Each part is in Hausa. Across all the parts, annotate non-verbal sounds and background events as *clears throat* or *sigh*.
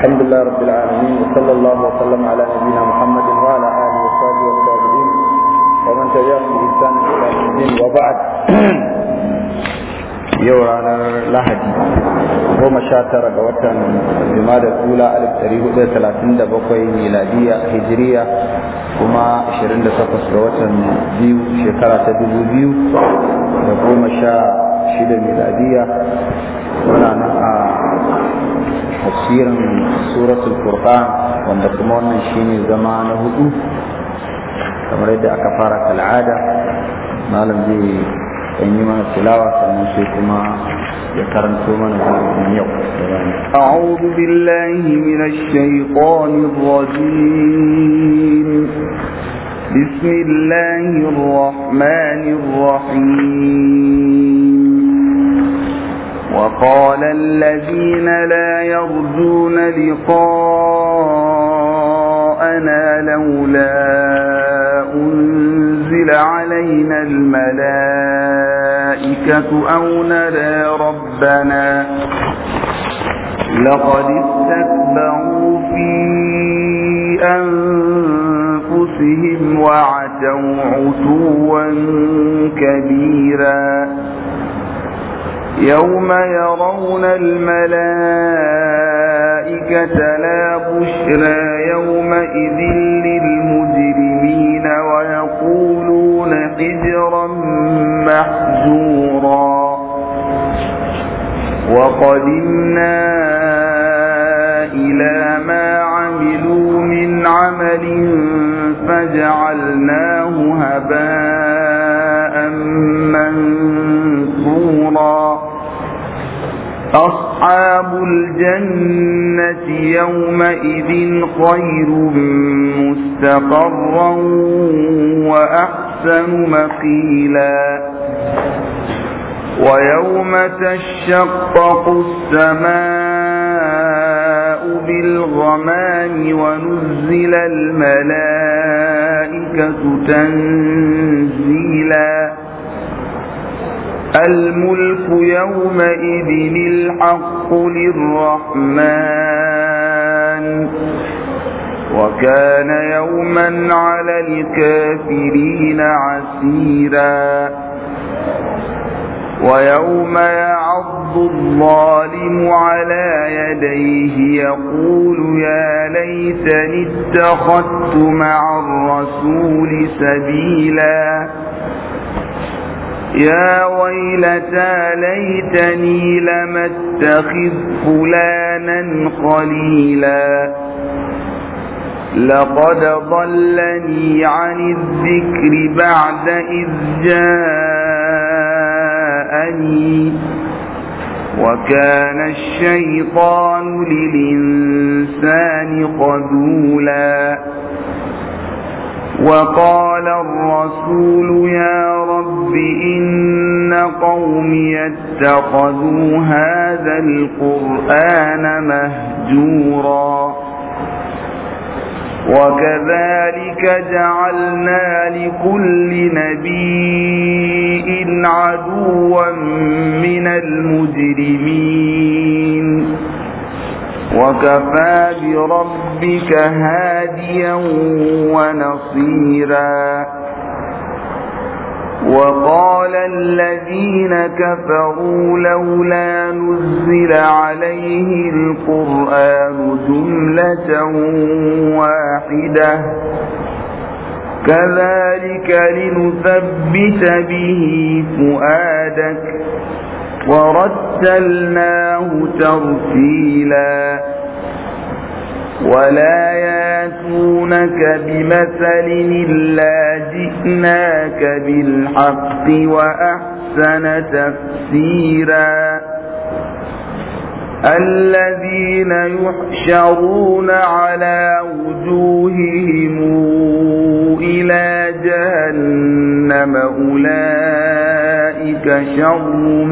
الحمد لله رب العالمين وصلى الله وسلم على نبينا محمد وعلى آله وصحبه والتابعين ومن تبعهم بإحسان إلى الدين وبعد *clears throat* يورا لحد هما شاتر قوتا بما الأولى ألف تاريخ ثلاثين ميلادية هجرية هما شرند سقس قوتا ديو شكرا تدبو ديو هما شا شيد ميلادية هنا نقع tafsirin suratul furqan wanda kuma wannan shine zama na hudu kamar yadda aka fara kal'ada malam zai dan yi mana tilawa sannan sai kuma ya karanto mana hukumin yau أعوذ بالله من الشيطان الرجيم بسم الله الرحمن الرحيم وقال الذين لا يرجون لقاءنا لولا أنزل علينا الملائكة أو نرى ربنا لقد استكبروا في أنفسهم وعتوا عتوا كبيرا يوم يرون الملائكة لا بشرى يومئذ للمجرمين ويقولون حجرا محجورا وقدمنا إلى ما عملوا من عمل فجعلناه هباء منثورا أصحاب الجنة يومئذ خير مستقرا وأحسن مقيلا ويوم تشقق السماء بالغمام ونزل الملائكة تنزيلا الملك يومئذ الحق للرحمن وكان يوما على الكافرين عسيرا ويوم يعض الظالم على يديه يقول يا ليتني اتخذت مع الرسول سبيلا يا ويلتى ليتني لم اتخذ فلانا خليلا لقد ضلني عن الذكر بعد إذ جاءني وكان الشيطان للإنسان قدولاً وقال الرسول يا رب إن قومي اتخذوا هذا القرآن مهجورا وكذلك جعلنا لكل نبي عدوا من المجرمين وكفى بربك هاديا ونصيرا وقال الذين كفروا لولا نزل عليه القرآن جملة واحدة كذلك لنثبت به فؤادك ورتلناه ترتيلا ولا ياتونك بمثل إلا جئناك بالحق وأحسن تفسيرا الذين يحشرون على وجوههم إلى جهنم أولئك شر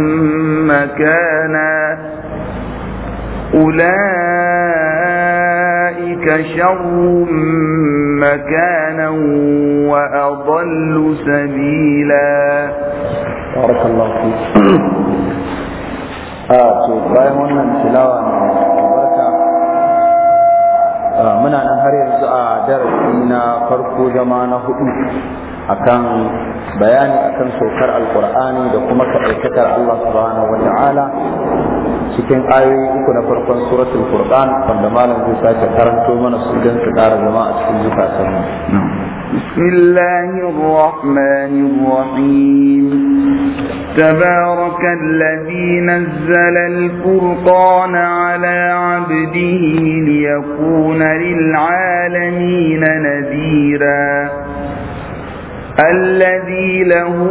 مكانا أولئك شر مكانا وأضل سبيلا بارك الله فيك *coughs* a ah, to bayan wannan tilawa mai ah, muna nan har yanzu a darasi na farko zama na hudu akan bayani akan saukar alkur'ani da kuma kaɗaikatar Allah subhanahu wata'ala cikin ayoyi uku na farkon suratul furqan wanda malam zai sake karanto mana su don su ƙara zama a cikin zukatan mu بسم الله الرحمن الرحيم تبارك الذي نزل الفرقان على عبده ليكون للعالمين نذيراً الذي له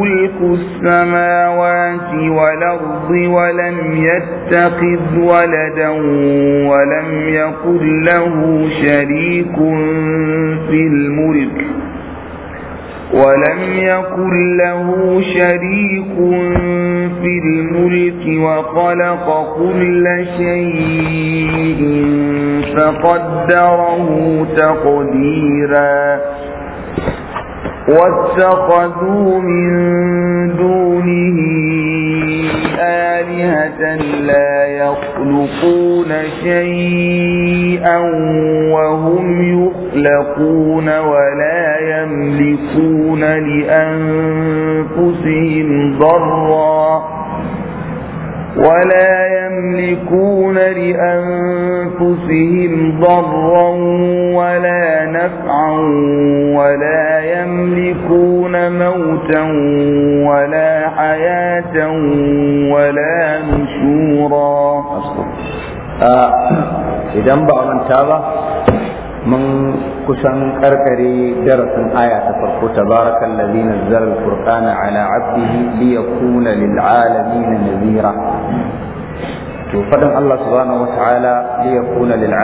ملك السماوات والأرض ولم يتخذ ولدا ولم يكن له شريك في الملك ولم يكن له شريك في الملك وخلق كل شيء فقدره تقديراً واتخذوا من دونه آلهة لا يخلقون شيئا وهم يخلقون ولا يملكون لأنفسهم ضرًّا ولا يملكون لأنفسهم ضرا ولا نفعا ولا يملكون موتا ولا حياة ولا نشورا آه، إذا آه. بأمن تابع mun kusan karkare darasin aya ta farko ta ladzi nazzala al-furqana ala 'abdihi liyakuna lil 'alamin nadhira to fadan Allah subhanahu wa ta'ala liyakuna lil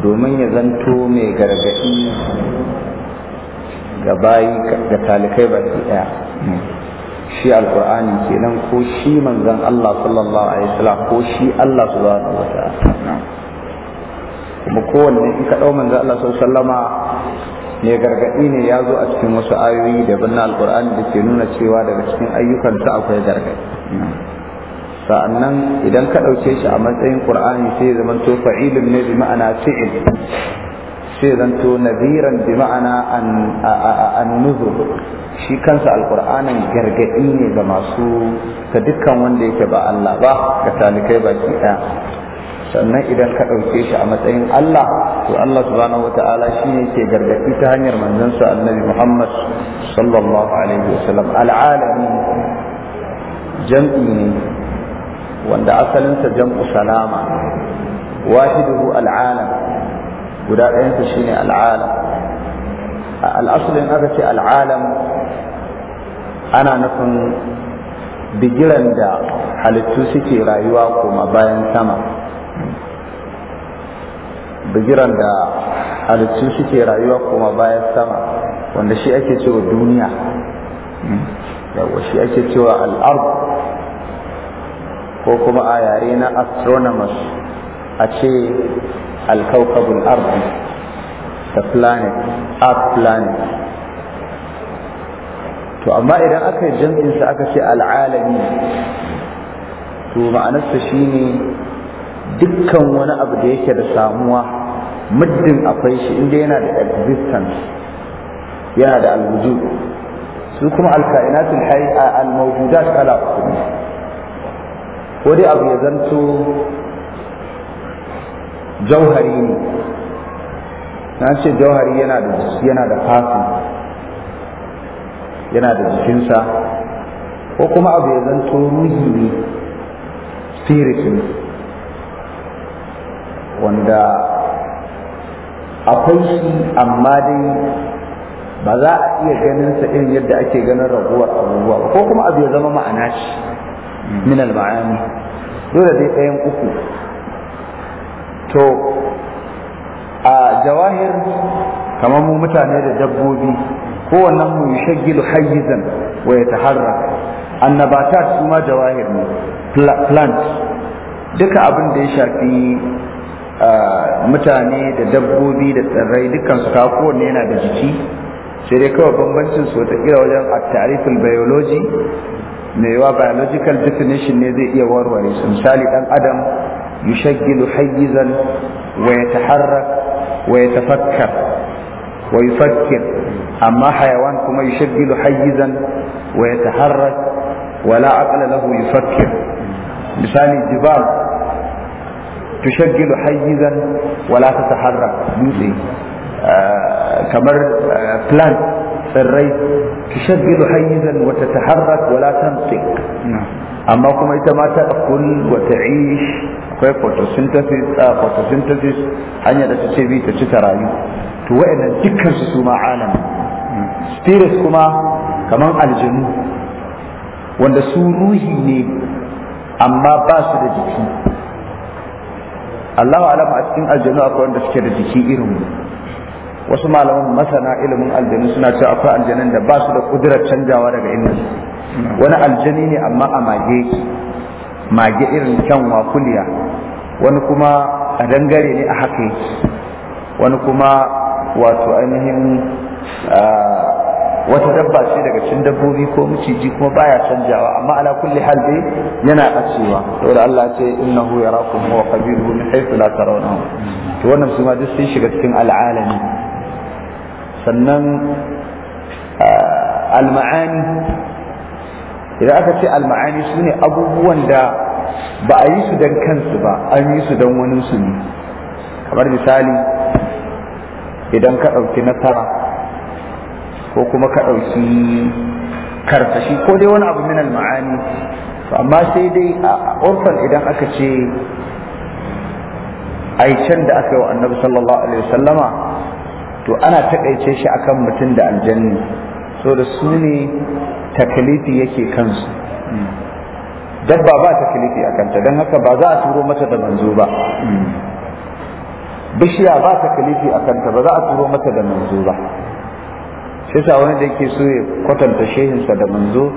domin ya zanto mai gargadi ga ga shi alqur'ani kenan ko shi manzon Allah sallallahu alaihi wasallam ko shi Allah subhanahu wa ta'ala kuma kowanne in ka ɗau manzo Allah sallama ne gargaɗi ne ya zo a cikin wasu ayoyi daban na alƙur'ani da ke nuna cewa daga cikin ayyukansa akwai gargaɗi sa'annan idan ka ɗauke shi a matsayin qur'ani sai zaman to fa'ilun ne bi ma'ana fi'il sai zan to nadiran bi ma'ana an-nuzur shi kansa alqur'anin gargaɗi ne ga masu ta dukkan wanda yake ba Allah ba ga talikai baki ɗaya sannan idan ka ɗauke shi a matsayin Allah to Allah subhanahu wata'ala shi ne ke gargaɗi ta hanyar manzansa annabi Muhammad sallallahu alaihi wasallam al'alami jam'i ne wanda asalinsa jam'u salama wahiduhu al'alam guda ɗayansa shine al'alam a al'asulin aka ce al'alam ana nufin bigiran da halittu suke rayuwa koma bayan sama bigiran da halittu suke rayuwa kuma bayan sama wanda shi ake cewa duniya hmm? yawa shi ake cewa al'ard ko kuma a yare na astronomers a ce alkaukabul ardi the planet earth planet to amma idan aka yi jam'insa aka ce al'alami to ma'anarsa shine dukkan wani abu da yake da samuwa muddin akwai shi inda yana da existence yana da alwuju su kuma alka'inatul hayy almawjudat kala uku ko dai abu ya zanto jauhari ne na ce jauhari yana da yana da fasin yana da jikinsa ko kuma abu ya zanto ruhi ne spirit ne wanda akwai shi amma dai ba za a iya ganin sa irin yadda ake ganin raguwar abubuwa ba ko kuma abu ya zama ma'ana shi min al-ma'ani dole dai ɗayan uku to a jawahir kamar mu mutane da dabbobi kowannen mu yushaggilu hayyizan wa annabata annabatat kuma jawahir ne plant duka abin da ya shafi mutane da dabbobi da tsirrai dukkan su kowanne yana da jiki sai dai kawai bambancin su wata kira wajen a tarifin biology mai yawa biological definition ne zai iya warware su misali dan adam yushaggilu hayyizan wa yataharrak wa yatafakkar wa yufakkir amma hayawan kuma yushaggilu hayyizan wa yataharrak wa la aqla lahu yufakkir misali jibal tushaggilu hayyizan wala ta tataharra dutse kamar plant tsirrai tushaggilu hayyizan wa tataharrak wala tantiq amma kuma ita ma ta akul wa ish akwai photosynthesis photosynthesis hanyar da tace bi ta ci ta rayu to wayannan dukkan su su ma alam spirits kuma kaman aljanu wanda su ruhi ne amma ba su da jiki Allahu alama a cikin aljanu akwai wanda suke da jiki irin mu wasu malaman masana ilimin aljanu suna cewa akwai aljanin da ba su da kudurar canjawa daga inda wani aljani ne amma a mage mage irin kyan kuliya wani kuma a dangare ne a haka wani kuma wato ainihin ah, wata dabba ce daga cikin dabbobi ko miciji kuma baya canjawa amma ala kulli hal dai yana kacewa saboda Allah ya ce innahu yarakum huwa qabiluhu min haythu la tarawnahu to wannan su ma duk sun shiga cikin al'alami sannan al-ma'ani idan aka ce al-ma'ani sune abubuwan da ba a yi su dan kansu ba an yi su dan wani su ne kamar misali idan ka ɗauki nasara ko kuma ka ɗauki karsashi ko dai wani abu minal ma'ani amma sai dai a orfan idan aka ce aicen da aka yi wa annabi sallallahu alaihi wasallama to ana taƙaice shi akan mutum da aljanni so da su ne takalifi yake kansu dabba ba takalifi a kanta don haka ba za a turo mata da manzo ba bishiya ba takalifi a kanta ba za a turo mata da manzo ba shi sa wani da yake so ya kwatanta shehinsa da manzo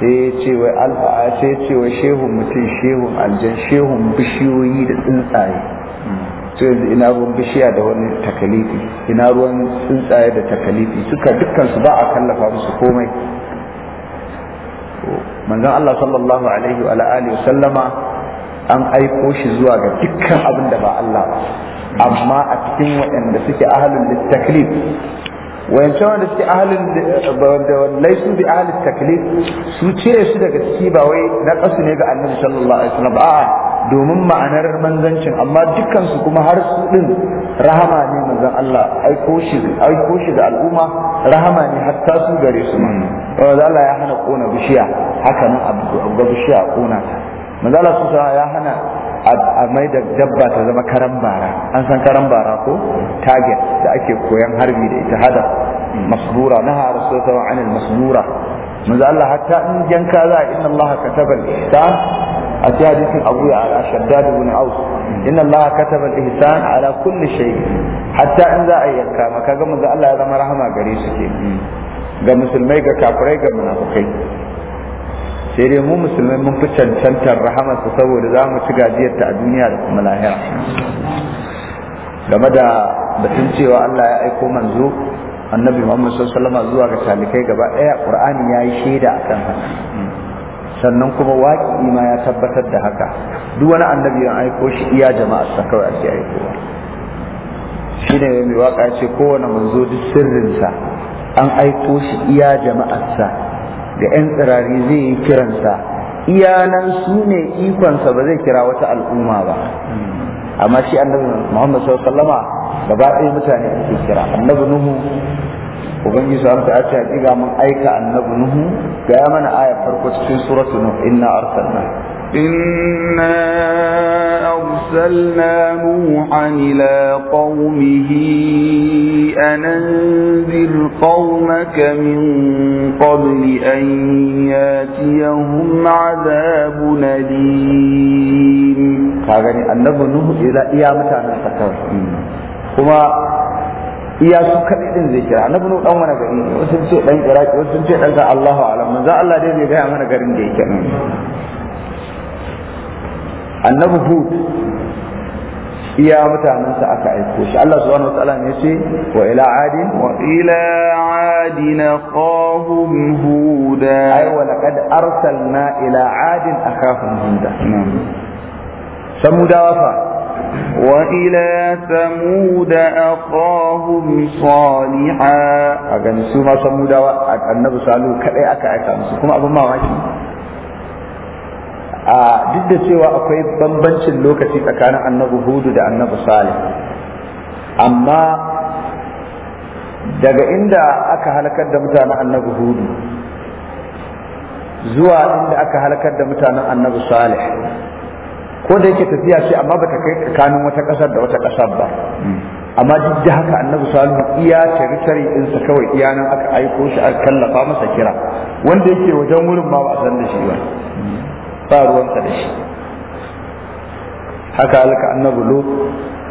sai ya ce wai alfa'a sai ya ce wai shehun mutum shehun aljan shehun bishiyoyi da tsuntsaye to yanzu ina ruwan bishiya da wani takalifi ina ruwan tsuntsaye da takalifi suka dukkan su ba a kallafa musu komai manzon Allah sallallahu alaihi wa alihi sallama an aiko shi zuwa ga dukkan abin da ba Allah amma a cikin waɗanda suke da taklif wancan wanda suke ahalin da wallai laisu bi ahalin taklif su cire su daga ciki ba wai na kasu ne ga annabi sallallahu alaihi wasallam a'a domin ma'anar manzancin amma dukkan su kuma har su din rahama ne manzon Allah aiko shi aiko shi da al'umma rahama ne hatta su gare su manzo Allah ya hana kona bishiya haka nan abu ga bishiya kona ta manzo Allah ya hana a mai da dabba ta zama karan bara an san karan bara ko target da ake koyan harbi da ita hada masbura naha rasulullahi anil masbura manzo Allah hatta in yanka za inna Allah kataba al-ihsan a cikin hadisin Abu al-Shaddad ibn Aus inna Allah kataba al-ihsan ala kulli shay hatta in za a yanka maka ga manzo Allah ya zama rahama gare su ke ga musulmai ga kafirai ga munafikai sai dai mu musulmai mun fi cancantar rahamarsa saboda za mu ci gajiyarta a duniya da kuma lahira game da batun cewa Allah ya aiko manzo annabi Muhammad sallallahu alaihi zuwa ga talikai gaba ɗaya Qur'ani ya yi shaida akan haka sannan kuma waki ma ya tabbatar da haka duk wani annabi ya aiko shi iya jama'a sa kawai ake Shi ne mai waka ya ce kowane manzo duk sirrinsa an aiko shi iya jama'arsa Da 'yan tsirari zai yi kiransa iyanan su ne ikonsa ba zai kira wata al'umma ba amma shi annabi muhammad sallama gaba ɗaya mutane ake kira annabi nuhu ubangiji sa ta ce hakika mun aika annabi nuhu ga mana ayar farko cikin suratu nuh inna arsalna إنا أرسلنا نوحا إلى قومه أن قومك من قبل أن ياتيهم عذاب أليم كاغني النبي نوح إلى إيامة عن السكر كما iya su kaɗai ɗin zai kira annabi Nuhu, ɗan wani gari wasu ce ɗan iraki wasu ce ɗan ga Allahu alam manzo Allah dai zai gaya mana garin da yake annabi hud iya mutanensa aka aiko shi Allah subhanahu wa ne wa ila adin wa ila adin qahum huda ay wa laqad arsalna ila adin akahum huda samudawa fa wa ila samud aqahum saliha a gani su ma samudawa annabi salu kadai aka aika musu kuma abin mamaki a duk da cewa akwai bambancin lokaci tsakanin annabi hudu da annabi salih amma daga inda aka halakar da mutanen annabi hudu zuwa inda aka halakar da mutanen annabi salih ko da yake tafiya ce amma bata kai tsakanin wata ƙasar da wata ƙasar ba amma duk da haka annabi salih iya tare-tare ɗinsa kawai iya nan aka aiko shi a kallafa masa kira wanda yake wajen wurin ba ba a san da shi ba ba ruwansa da shi haka alka annabi lut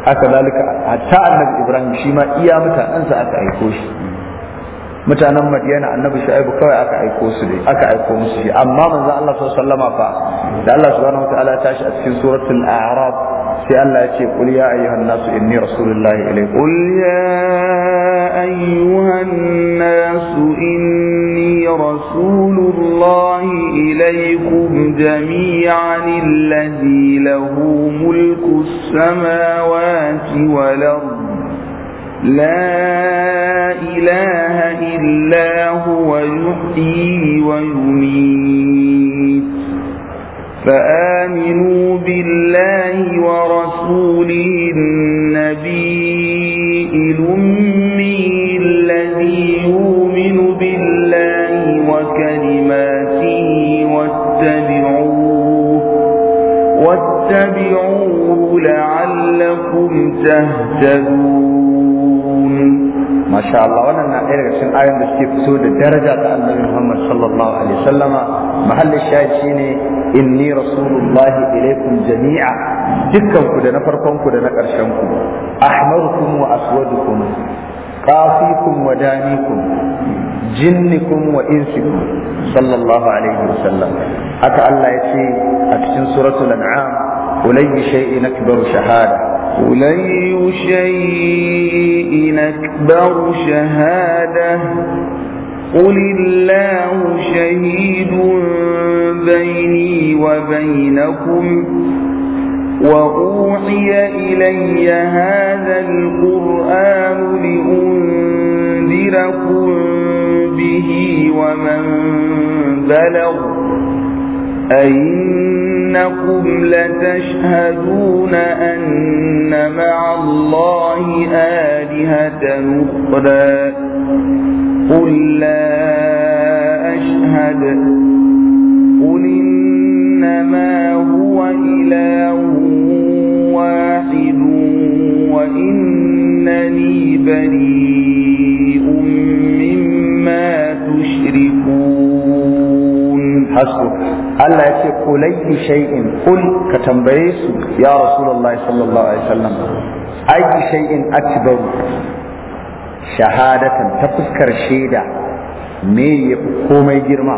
haka zalika hatta annabi ibrahim shi ma iya mutanensa aka aiko shi mutanen madiyana annabi shu'aibu kawai aka aiko su dai aka aiko musu shi amma manzon Allah sallallahu alaihi wasallama fa da Allah subhanahu wataala ta shi a cikin suratul a'raf sai Allah ya ce qul ya ayyuhan nas inni rasulullahi ilaykum qul ya ayyuhan nas inni rasulullahi ilaykum jami'an alladhi lahu mulku samawati wal ardh لا إله إلا هو يحيي ويميت فآمنوا بالله ورسوله النبي الأمي الذي يؤمن بالله وكلماته واتبعوه واتبعوه لعلكم تهتدون ما شاء الله وانا انا ارجع ايه ايام بس كيف تسوي الدرجه محمد صلى الله عليه وسلم محل الشاي شيني inni rasulullahi ilaikum jami'a dukkan ku da na farkon ku da na ƙarshen ku ahmarukum wa aswadukum qafikum wa danikum jinnikum wa insikum sallallahu alaihi wasallam haka Allah yace a cikin suratul an'am ulay shay'in akbaru shahada ولي شيء أكبر شهادة قل الله شهيد بيني وبينكم وأوحي إلي هذا القرآن لأنذركم به ومن بلغ أئنكم لتشهدون أن مع الله آلهة أخرى قل لا أشهد قل إنما هو إله واحد وإنني بريء مما تشركون حسنا ألا يقول أي شيء قل كتنبيس يا رسول الله صلى الله عليه وسلم أي شيء أكبر shahadatan ta fuskar shaida me ya komai girma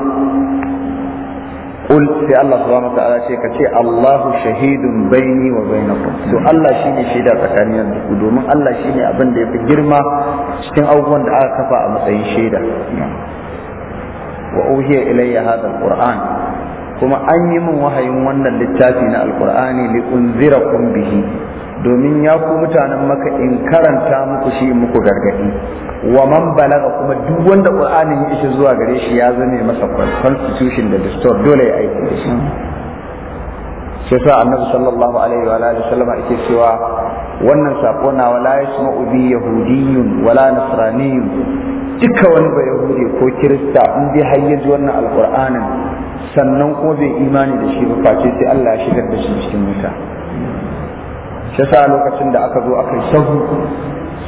قل sai Allah subhanahu wa ta'ala ce kace Allahu shahidun baini wa bainakum to Allah shine shaida tsakanin ku domin Allah shine abin da yafi girma cikin abubuwan da aka kafa a matsayin shaida wa uhiya ilayya hadha alquran kuma an yi min wahayin wannan littafi na alqur'ani li unzirakum bihi domin ya ku mutanen maka in karanta muku shi muku gargadi wa man balaga kuma duk wanda qur'anin ya ishi zuwa gare shi ya zame masa constitution da distort dole ya aiki da shi sai sa annabi sallallahu alaihi wa alihi sallama yake cewa wannan sako na wala yasma ubi yahudiyyun wala nasraniyyun duka wani ba yahudi ko kirista in dai har ji wannan alqur'anin sannan ko bai imani da shi ba face sai Allah ya shigar da shi cikin wuta shi sa lokacin da aka zo aka yi sahu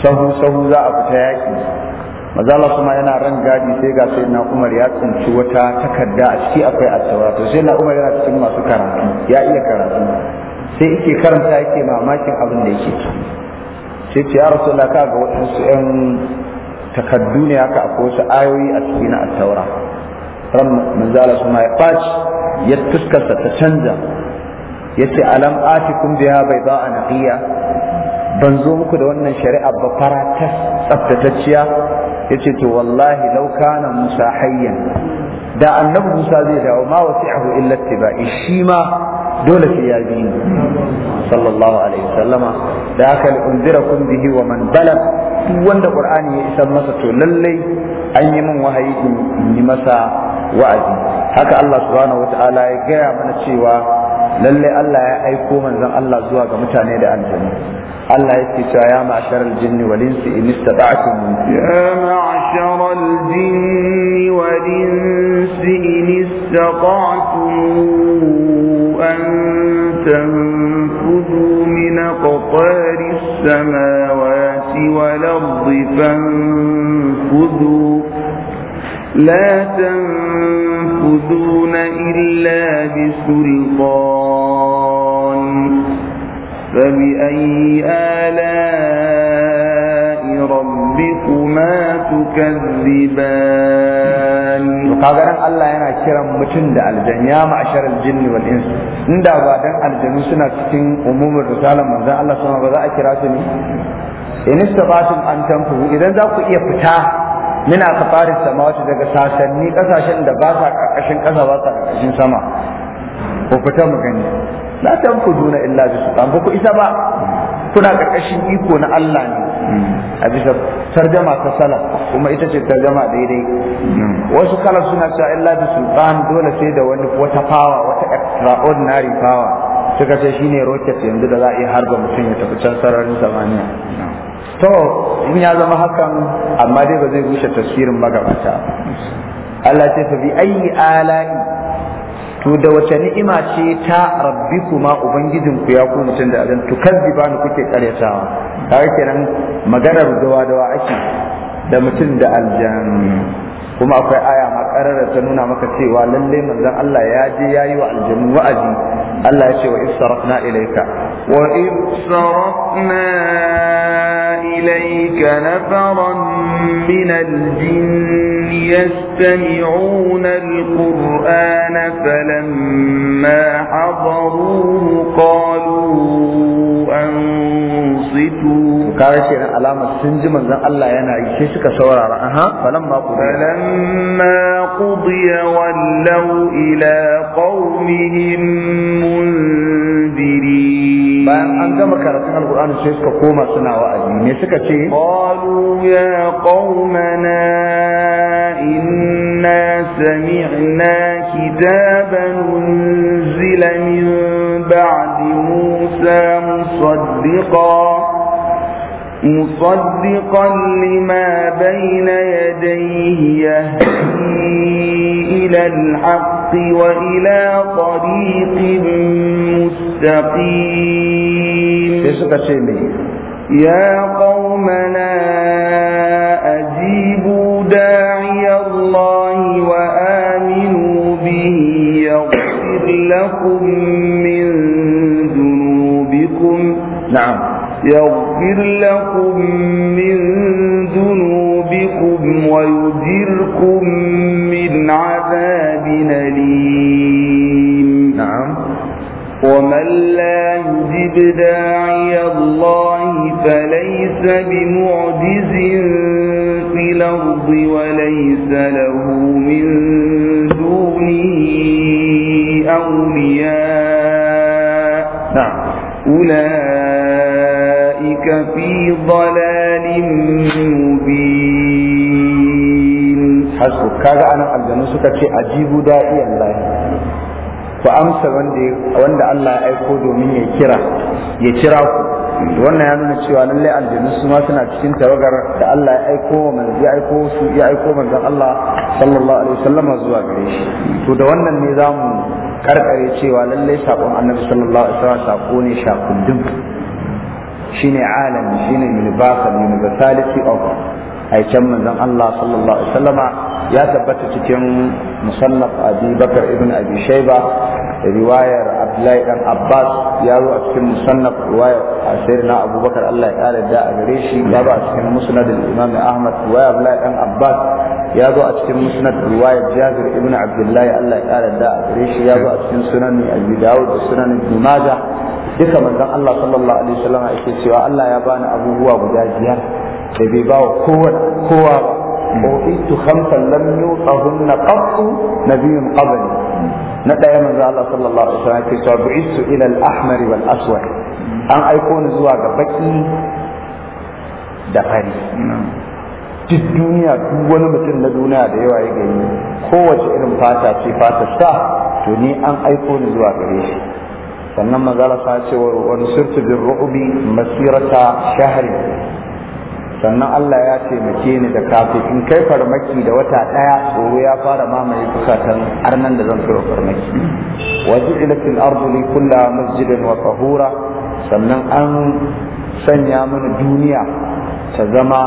sahu sahu za a fita yaƙi mazala kuma yana ran gadi sai ga sai na umar ya tsinci wata takarda a ciki akwai attawa to sai na umar yana cikin masu karatu ya iya karatu sai yake karanta yake mamakin abin da yake sai ce ya rasu ka ga waɗansu 'yan takardu ne haka akwai wasu ayoyi a ciki na attaura ran manzala kuma ya ɓaci ya tuskarsa ta canza yace alam atikum biha bayda naqiya ban zo muku da wannan shari'a ba fara ta tsaftatacciya yace to wallahi law kana musa hayyan da annabi musa zai dawo ma wasi'ahu illa tibai shi ma dole sai ya bi sallallahu alaihi wasallama da aka unzirakum bihi wa man balag duk wanda qur'ani ya isar masa to lallai an yi min wahayi in yi masa wa'azi haka Allah subhanahu wata'ala ya gaya mana cewa lalle Allah ya aiko manzon Allah zuwa ga mutane da aljanna Allah yake cewa ya ma'sharal jinni wal insi in istata'tum ya ma'sharal jinni wal insi in istata'tum an tanfudu min aqtari as-samawati wal ardi fanfudu لا تنفذون إلا بسلطان فبأي آلاء ربكما تكذبان مقابلان الله ينا كرم متن دا الجن معشر الجن والإنس ندا بعدن الجن سنة أموم الرسالة من ذا الله سنة وذا إن استطعتم أن تنفذوا إذا ذاكوا إيا فتاه mina kafarin samawati daga sasanni kasashen da ba sa karkashin kasa ba sa karkashin sama ku fita mu gani la tanfuduna illa bi sultan ba ku isa ba kuna karkashin iko na Allah ne a bisa tarjama ta salaf kuma ita ce tarjama daidai wasu kala suna cewa illa bi sultan dole sai da wani wata power wata extraordinary power suka ce shine rocket yanzu da za a iya harba mutum ya tafi can sararin samaniya to in ya zama hakan amma dai ba zai rushe tafsirin magabata Allah ce fa bi ayi ala'i to da wace ni'ima ce ta rabbikuma ku ya ku mutum da azan tukazziba ni kuke karyatawa kaga kenan maganar dawa dawa ake da mutum da aljanni kuma akwai aya ma kararar ta nuna maka cewa lalle manzon Allah ya je yayi wa aljannu wa'azi Allah ya ce wa isarafna ilayka wa isarafna ilayka nafaran min aljinn yastami'una alqur'ana falamma hadaruhu qalu ansitu kaga kenan alamar sun ji manzon Allah yana yi sai suka saurara aha falamma qudiya falamma qudiya wallaw ila qaumihim mundirin bayan an gama karatun alqur'ani sai suka koma suna wa'azi ne suka ce qalu ya qaumana inna sami'na kitaban unzila min ba'di musa musaddiqan مصدقا لما بين يديه يهدي إلى الحق وإلى طريق مستقيم يا قومنا أجيبوا داعي الله وآمنوا به يغفر لكم يغفر لكم من ذنوبكم ويجركم من عذاب أليم نعم ومن لا يجب داعي الله فليس بمعجز في الأرض وليس له من دونه أولياء نعم أولئك في ضلال مبين حسب كذا أنا ألجنو سكتي أجيب داعي الله ku amsa wanda Allah ya aiko domin ya kira ya kira ku wannan ya nuna cewa lallai aljannu su ma suna cikin tawagar da Allah ya aiko wa manzi aiko su ya aiko manzon Allah sallallahu alaihi wasallam zuwa gare shi to da wannan ne zamu karkare cewa lallai sakon Annabi sallallahu alaihi wasallam sako ne duk shine alam shine universal universality of aikin manzon Allah sallallahu alaihi wasallama ya tabbata cikin musannaf Abi Bakar ibn Abi Shayba riwayar Abdullahi dan Abbas ya zo a cikin musannaf riwayar Sayyidina Abu Bakar Allah ya kare da a gare shi ya zo a cikin musnad al-Imam Ahmad riwayar Abdullahi dan Abbas ya zo a cikin musnad riwayar Jabir ibn Abdullah Allah ya kare da a gare shi ya zo a cikin sunan Abi Dawud da sunan Ibn Majah duka manzon Allah sallallahu alaihi wasallam yake cewa Allah ya bani abubuwa guda biyar da bai bawa kowa kowa ba utitu khamsan lam yutahunna qattu nabiyyun qabli na daya manzon Allah sallallahu alaihi wasallam yake cewa bu'istu ila al-ahmar wal aswad an aiko ni zuwa ga baki da fari duk duniya duk wani mutum na duniya da yawa ya gani kowace irin fata ce fata ta to ni an aiko ni zuwa gare shi sannan manzala sa ce wa nusirtu bin ru'ubi masirata shahari sannan Allah ya taimake ni da kafi in kai farmaki da wata ɗaya tsoro ya fara mamaye bukatan nan da zan kai farmaki wa ju'ilat al kulla masjidin wa tahura sannan an sanya mana duniya ta zama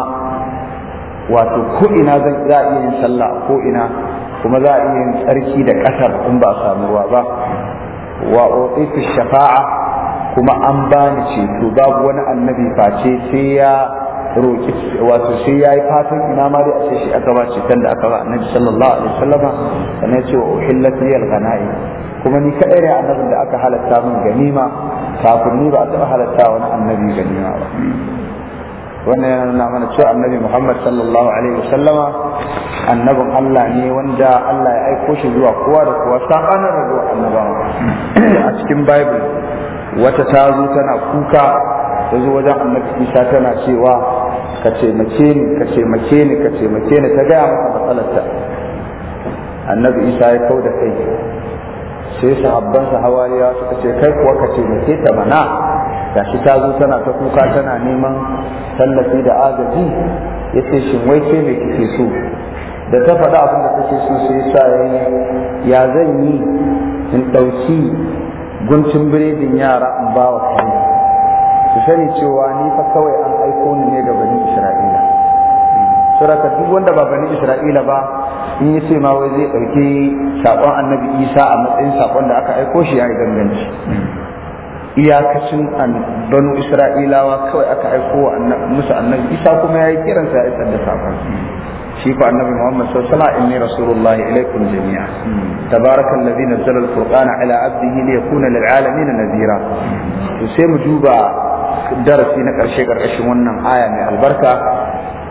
wato ko ina zan za iya yin sallah ko ina kuma za a iya yin tsarki da ƙasar in ba samu ruwa ba wa utitu shafa'a kuma an bani ceto babu wani annabi face sai ya roki wato sai yayi fatan ina ma dai a shi aka ba ceton da aka ba annabi sallallahu alaihi wasallama sannan ce wa uhillat liyal kuma ni kadai ne annabin da aka halatta min ganima kafin ni ba a taba halatta wani annabi ganima ba wannan yana nuna mana cewa annabi Muhammad sallallahu alaihi wasallama annabin Allah ne wanda Allah ya aiko shi zuwa kowa da kowa sabanin rago annabawa a cikin Bible wata ta zo tana kuka ta zo wajen annabi Isa tana cewa ka taimake ni ka taimake ni ka taimake ni ta gaya masa matsalarta annabi Isa ya kau da kai sai sahabbansa hawariya suka ce kai kuwa ka taimake ta mana gashi ta zo tana ta kuka tana neman tallafi da agaji ya ce shin wai ke mai kike so da ta faɗa abin da take so sai sa ya zan yi in ɗauki guncin biredin yara in ba wa kare su sani cewa ni fa kawai an aiko ni ne ga bani isra'ila saboda duk wanda ba bani isra'ila ba in ya ce ma wai zai ɗauki saƙon annabi isa a matsayin saƙon da aka aiko shi ya yi ganganci iyakacin banu isra'ilawa kawai aka aiko musu annabi isa kuma ya yi kiransa ya isar da sakon shi ko annabi muhammad sallallahu alaihi wasallam inni rasulullahi ilaikum jami'a tabaraka alladhi nazzala alqur'ana ala abdihi liyakuna lil'alamin nadhira to sai mu duba darasi na karshe karkashin wannan aya mai albarka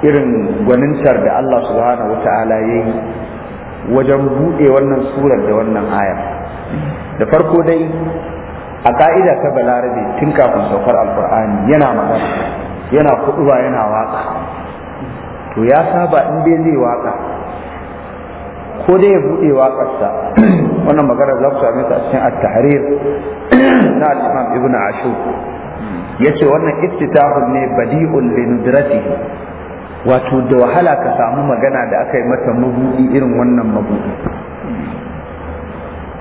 irin gwanintar da Allah subhanahu wata'ala yayi wajen buɗe wannan surar da wannan aya da farko dai a ka'ida ta balarabe tun kafin saukar alkur'ani yana magana yana kuduwa yana waka to ya saba in bai zai waka ko dai ya buɗe waƙarsa *clears throat* wannan magana za ku same ta a cikin at-tahrir na al-imam ibn ashur yace wannan iftitahun ne badi'un li nudratihi wato da wahala ka samu magana da aka yi mata mabudi irin wannan mabudi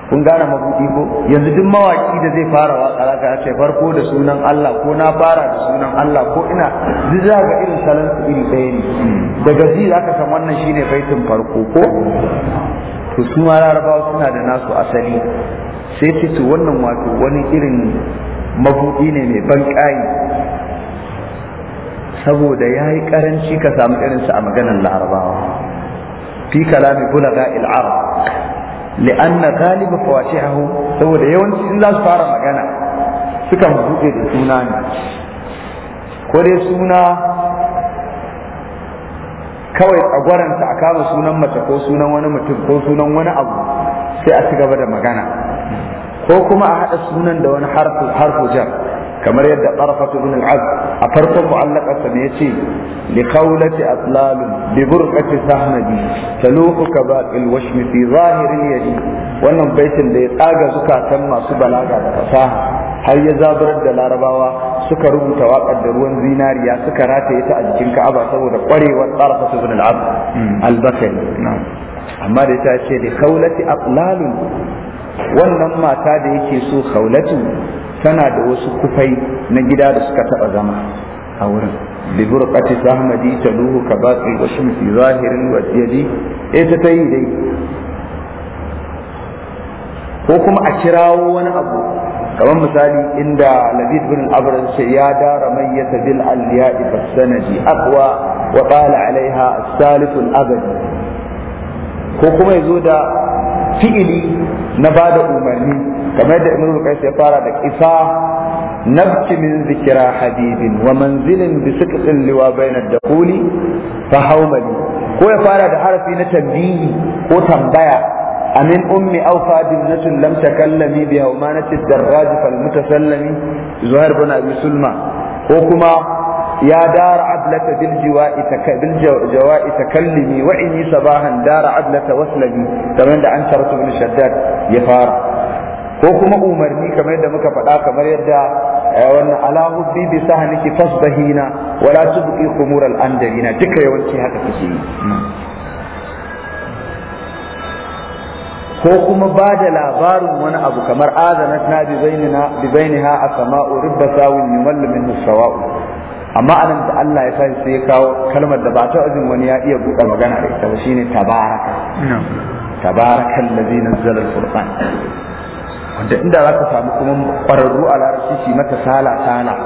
kun gane mabuɗi ko yanzu duk mawaki da zai fara waka ka ce farko da sunan Allah ko na fara da sunan Allah ko ina duk za ga irin salon su iri ɗaya ne daga ji zaka san wannan shine baitin farko ko to su ma larabawa suna da nasu asali sai ce to wannan wato wani irin mabuɗi ne mai ban ƙayi saboda ya yi ƙaranci ka samu irinsa a maganar larabawa fi kalami bulaga il arab li'anna galiba fawatihahu saboda yawanci in za su fara magana sukan buɗe da suna ne ko dai suna kawai tsagwaranta a kama sunan mace ko sunan wani mutum ko sunan wani abu sai a ci gaba da magana ko kuma a haɗa sunan da wani harfu kamar yadda qarafatu ibn al-azd a farkon mu'allaqarsa ne yace li qawlati atlal bi burqati sahmadi taluhu ka baqil washmi fi zahirin yadi wannan baitin da ya tsaga zukatan masu balaga da fasaha har ya zaburar da larabawa suka rubuta waƙar da ruwan zinariya suka rataye ta a jikin ka'aba saboda ƙwarewar qarafatu ibn al-azd al-basri amma da ta ce li qawlati atlalun wannan mata da yake so kaulatu tana da wasu kufai na gida da suka taɓa zama a wurin biburqati zahmadi ba kabaqi wa shimsi zahirin wa yadi E, ta yi dai ko kuma a kirawo wani abu kamar misali inda labid bin al ce ya dara mayyata bil al-ya'i fasanadi aqwa wa qala alaiha as-salif al-abadi ko kuma yazo da fi'ili na ba da umarni kamar da imanu kai ya fara da isa nabki zikira habibin wa manzilin bi sikqin liwa bayna dakhuli fa ko ya fara da harfi na tambiyi ko tambaya amin ummi aw fadil takallami bi humanati ko kuma ya dara jawai takabil jawai takallimi wa inni da an ya fara ko kuma umarni kamar yadda muka faɗa kamar yadda eh, wannan alahubbi bi sahniki fasbahina wala tubqi khumur al andalina duka yawanci haka kake yi ko kuma ba da labarin wani abu kamar azanat na bi bainina bi bainaha asma'u ribba sawin yumallu minhu sawa'u amma anan da Allah ya sai sai kawo kalmar da ba ta azin wani ya iya buɗe magana da ita shine tabaraka tabaraka allazi nazzala al-furqan da inda za ka samu kuma ƙwararru a larashi shi mata sala sala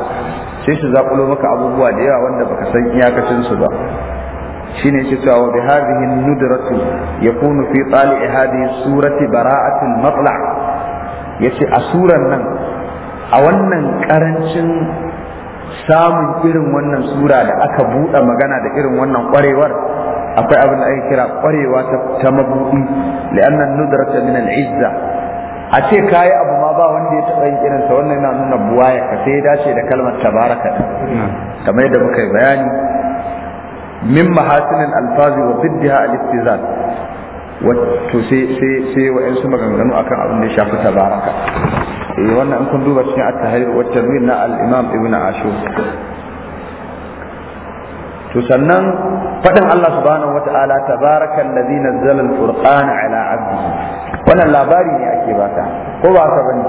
sai su zaƙulo maka abubuwa da yawa wanda baka san iyakacin su ba ne shi cewa bi hadhihi nudratu yakunu fi tali hadhihi surati bara'atul matla yace a suran nan a wannan karancin samun irin wannan sura da aka buɗe magana da irin wannan ƙwarewar akwai abin da ake kira ƙwarewa ta mabuɗi li'annan nudrata min al-izza a ce kayi abu ma ba wanda ya taɓa yin irin sa wannan yana nuna buwaya ka sai ya dace da kalmar tabaraka kamar yadda muka yi bayani min mahasinin alfazi wa biddiha al-istizan wato sai sai sai wa'ansu maganganu akan abin da ya shafi tabaraka eh wannan in kun duba cikin at-tahrir wa tanwir na al-imam ibn ashur to sannan fadin Allah subhanahu wata'ala tabarakallazi nazzala al-furqana ala 'abdihi wannan labari ne ake baka ko ba ka bane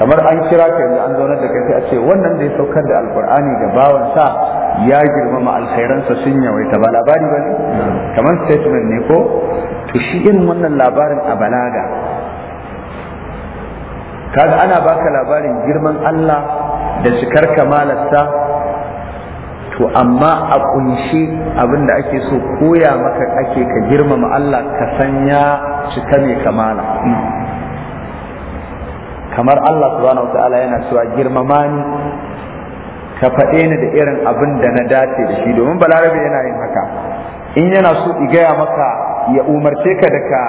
kamar an kira ka yanzu an zaunar da kai sai a ce wannan da ya saukar da alkur'ani ga bawan sa ya girmama alkhairansa sun yawaita ba labari ba ne. kamar statement ne ko to shi irin wannan labarin a balaga kaga ana baka labarin girman Allah da cikar kamalarsa to amma a kunshi abin da ake so koya maka ake ka girmama Allah ka sanya cika mai kamala kamar Allah subhanahu wa ta'ala yana cewa girmama ni ka faɗe ni da irin abin da na dace da shi domin balarabe yana yin haka in yana so i gaya maka ya umarce ka da ka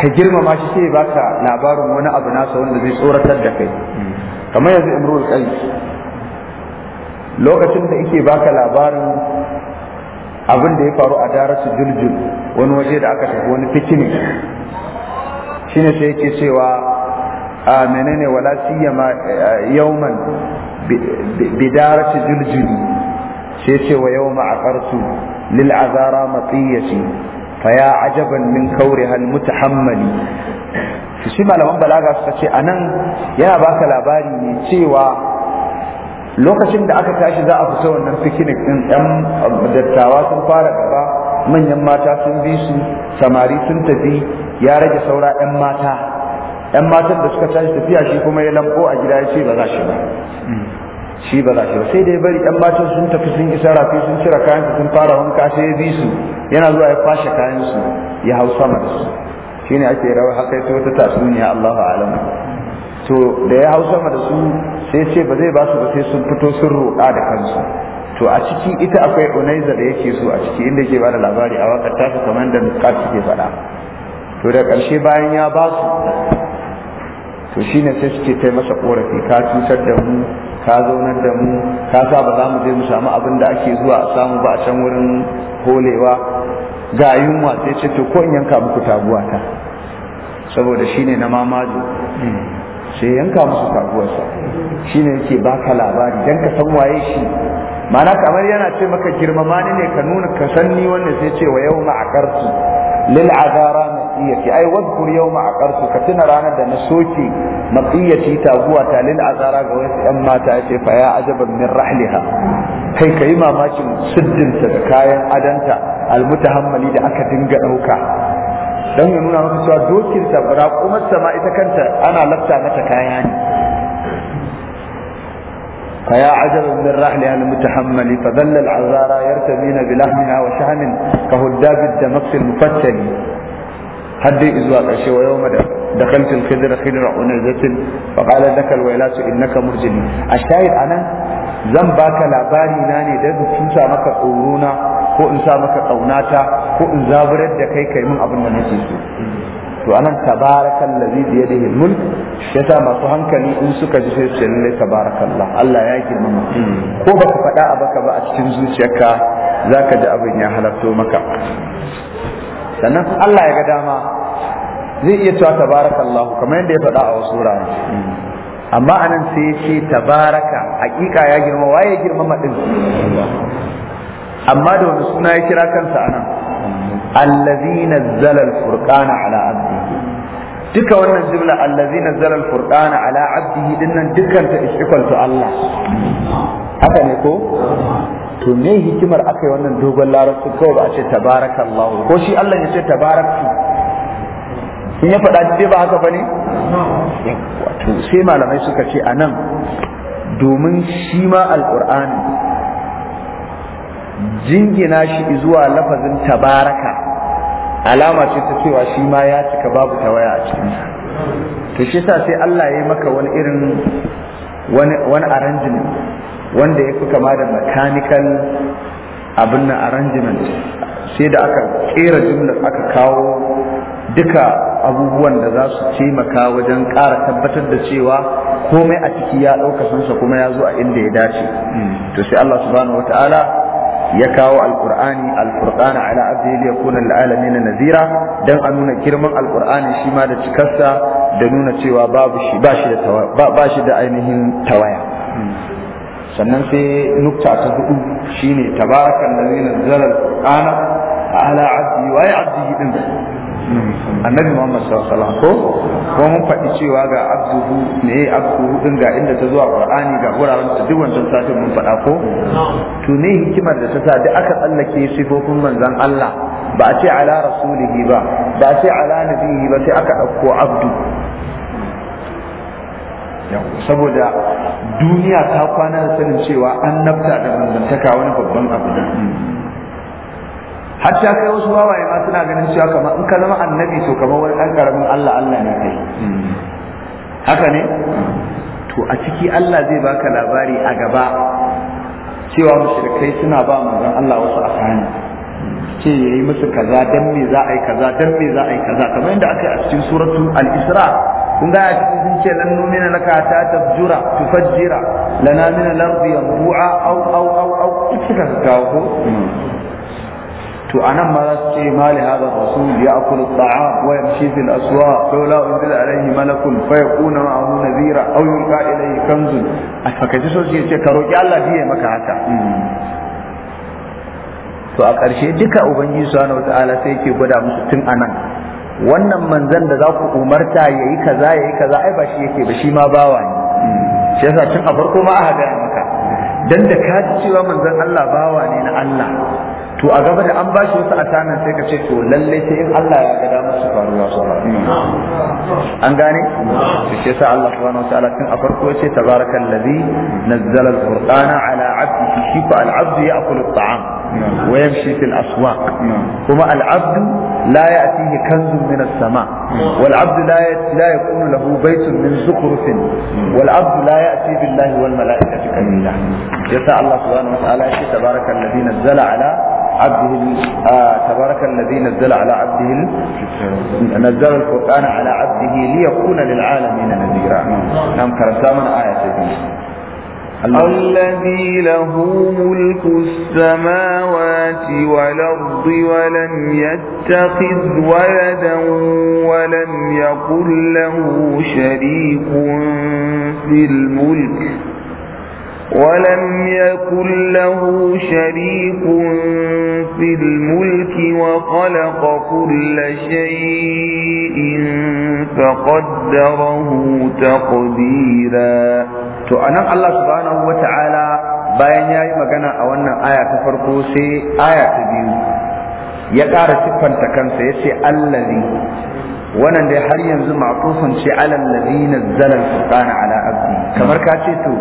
ka girmama shi sai baka labarin wani abu nasa wanda zai tsoratar da kai kamar yanzu imrul qais lokacin da yake baka labarin abin da ya faru a darasu juljul wani waje da aka tafi wani fikini shine sai yake cewa a menene wala siyama yauman bidarati juljuli sai ce wa yawma aqartu lil azara matiyati fa ya ajaban min kauri hal mutahammali shi malaman balaga suka ce anan yana baka labari ne cewa lokacin da aka tashi za a fita wannan picnic din ɗan um, dattawa sun fara gaba manyan mata sun bi su samari sun tafi ya rage saura 'yan mata 'yan matan da suka tashi tafiya shi kuma ya lambo a gida ya ce ba za shi ba shi ba za shi ba sai dai bari yan matan sun tafi sun isa rafi sun cire kayan sun fara wanka sai ya bi su yana zuwa ya fashe kayan su ya hau sama da su shine ake rawa haka ita wata tatsuniya Allahu a'lam to da ya hau sama da su sai ce ba zai ba su ba sai sun fito sun roƙa da kansu to a ciki ita akwai unaiza da yake so a ciki inda yake bada labari a wakar tasu kamar da nukat suke faɗa to da ƙarshe bayan ya ba su to shine sai suke kai masa ƙorafi ka cutar da mu ka zaunar da mu ka sa ba za mu je mu samu abin da ake zuwa a samu ba a can wurin holewa ga yunwa sai ce to ko in yanka muku taguwa ta saboda shine na mamaji. sai yanka musu kaguwarsa shine yake baka labari dan ka san waye shi mana kamar yana ce maka girmama ni ne ka nuna ka san ni wannan sai ce wa yawma aqartu lil azara ai wadkur yau aqartu ka tuna ranar da na soke maƙiyyaci ta guwa ta lil ga wasu yan mata ce fa ya ajaban min rahliha kai yi mamakin siddinta da kayan adanta almutahammali da aka dinga ɗauka. dan ya nuna maka cewa dokinsa raƙumarsa sama ita kanta ana lafta mata kaya ne فيا عجبا من الرحل المتحمل فذل العذارى يرتمين بلحمها وشحم كهداب الدمق المفتل هدي إزواء الأشي ويوم دخلت الخضر خضر أنزة فقال لك الويلات إنك مرجل الشاهد أنا زنباك لاباري ناني دد سوسا مكا قورونا ko in sa maka ƙaunata ko in zaburar da kai kai min abin da nake so to anan tabarakan lazi da yadihi mulk yasa masu hankali in suka ji sai su lalle tabarakallah Allah ya girmama ko baka faɗa a baka ba a cikin zuciyarka zaka ji abin ya halarto maka sannan Allah ya ga dama zai iya cewa tabarakallah kamar yadda ya faɗa a wasu wurare amma anan sai ya ce tabaraka hakika ya girma waye girmama din amma da wani suna ya kira kansa anan Allazina zalal al-furqana ala abdihi duka wannan jumla Allazina zalal al-furqana ala abdihi dinnan dukkan ta ishqal to Allah haka ne ko to me hikimar aka wannan dogon larabci kawai ba a ce tabarakallahu ko shi Allah ya ce tabaraktu in ya faɗa dai ba haka bane wato sai malamai suka ce anan domin shi ma alqur'ani jingina shi zuwa lafazin tabaraka alama ce ta cewa shi ma ya cika babu tawaya a cikinsa to shi sa sai Allah ya yi maka wani irin wani arrangement wanda ya fi kama da mechanical abin na arrangement sai da aka kera jumla aka kawo duka abubuwan da za su taimaka wajen ƙara tabbatar da cewa komai a ciki ya ɗauka kuma ya zo a inda ya dace to sai Allah subhanahu wata'ala ya kawo Alkur'ani, Alkur'ana, ala abdihi li yakuna lil alamin nazira dan a nuna girman Alkur'ani shi ma da cikarsa da nuna cewa babu shi ba shi da ba shi da ainihin tawaya sannan sai nukta ta hudu shine tabarakan ladina zalar qur'ana ala abdi wa ya abdihi din annabi Muhammad sallallahu alaihi ko ko mun faɗi cewa ga abduhu ne abduhu din ga inda ta zuwa Qur'ani ga wuraren ta duk wancan tsafin mun faɗa ko to ne hikimar da ta sa duk aka tsallake sifofin manzon Allah ba a ce ala rasulihi ba ba a ce ala nabihi ba sai aka ɗauko abdu saboda duniya ta kwana da sanin cewa an nafta da manzantaka wani babban abu ne ta kai wasu wawaye ma suna ganin cewa kamar in ka zama annabi to kamar wani ɗan ƙaramin Allah Allah ne kai haka ne to a ciki Allah zai baka labari a gaba cewa mushrikai suna ba manzon Allah wasu asani ce yi musu kaza dan me za a yi kaza dan me za a yi kaza kamar yadda aka yi a cikin suratul al-isra kun ga a cikin sun ce lan numina laka ta tafjura tufajjira lana min al-ardi yanbu'a aw aw aw aw ka kawo ko to anan ma za su ce ma li hadha rasul ya'kul at-ta'am wa yamshi fil aswaq fa la unzila alayhi malakun fa yakuna ma'ahu nadhira aw yulqa ilayhi kanzun a fakaci so su ce ka roki Allah biye maka haka to a ƙarshe duka ubangiji subhanahu wata'ala sai yake gwada musu tun anan wannan manzan da za ku umarta ya yi kaza ya yi kaza ai ba shi yake ba shi ma bawa ne shi yasa tun a farko ma a haɗa maka dan da ka ji cewa manzan Allah bawa ne na Allah to a gaba da an ba shi wasu atanan sai ka ce to lalle sai in Allah ya ga damar su faruwa su an gane to shi Allah subhanahu wa ta'ala tun a farko ladhi nazzala al ala al at-ta'am wa yamshi aswaq kuma al-'abdu la ya'tihi kanzun min as-sama' عبده آه تبارك الذي نزل على عبده نزل القرآن على عبده ليكون للعالمين نذيرا نعم كرسا آية دي الذي له ملك السماوات والأرض ولم يتخذ ولدا ولم يقل له شريك في الملك ولم يكن له شريك في الملك وخلق كل شيء فقدره تقديرا to anan Allah subhanahu wa ta'ala bayan ya yi magana a wannan aya ta farko sai aya ta biyu ya ƙara siffanta kansa ya ce allazi wannan dai har yanzu ma'tufun ce alal ladina zalal furqana ala abdi kamar ka ce to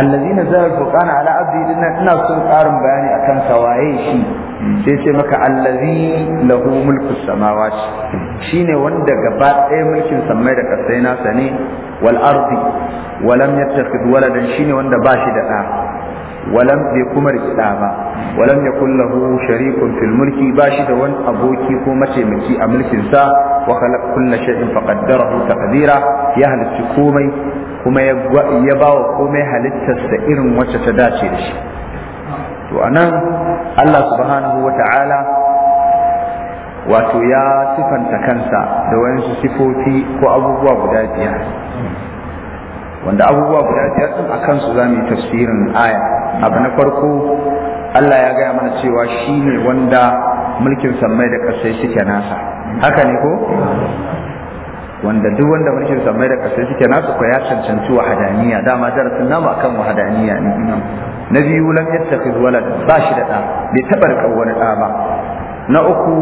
allazina zara furqana ala abdi dinna ina son karin bayani akan sawaye shi sai ce maka allazi lahu mulku samawati shine wanda gaba ɗaya mulkin samai da kasai nasa ne wal ardi wa lam yattakhid waladan shine wanda ba shi da ɗa walam bai kuma rikida ba walam ya kullahu sharikun fil mulki ba shi da wani aboki ko mataimaki a mulkinsa wa khalaqa kulla shay'in faqaddarahu taqdira ya halicci komai kuma ya ba wa komai halittarsa irin wacce ta dace da shi to anan Allah subhanahu wa ta'ala wato ya sifanta kansa da wani sifofi ko abubuwa guda biyar wanda abubuwa guda biyar din a kansu za mu yi tafsirin aya abu na farko Allah ya gaya mana cewa shi ne wanda mulkin sammai da ƙasai suke nasa haka ne ko wanda duk wanda mulkin sammai da ƙasai suke nasa ko ya cancanci wahadaniya dama darasin namu akan wahadaniya ne na biyu lam yattakhidh walad ba shi da ɗa bai taɓa riƙar wani ɗa ba na uku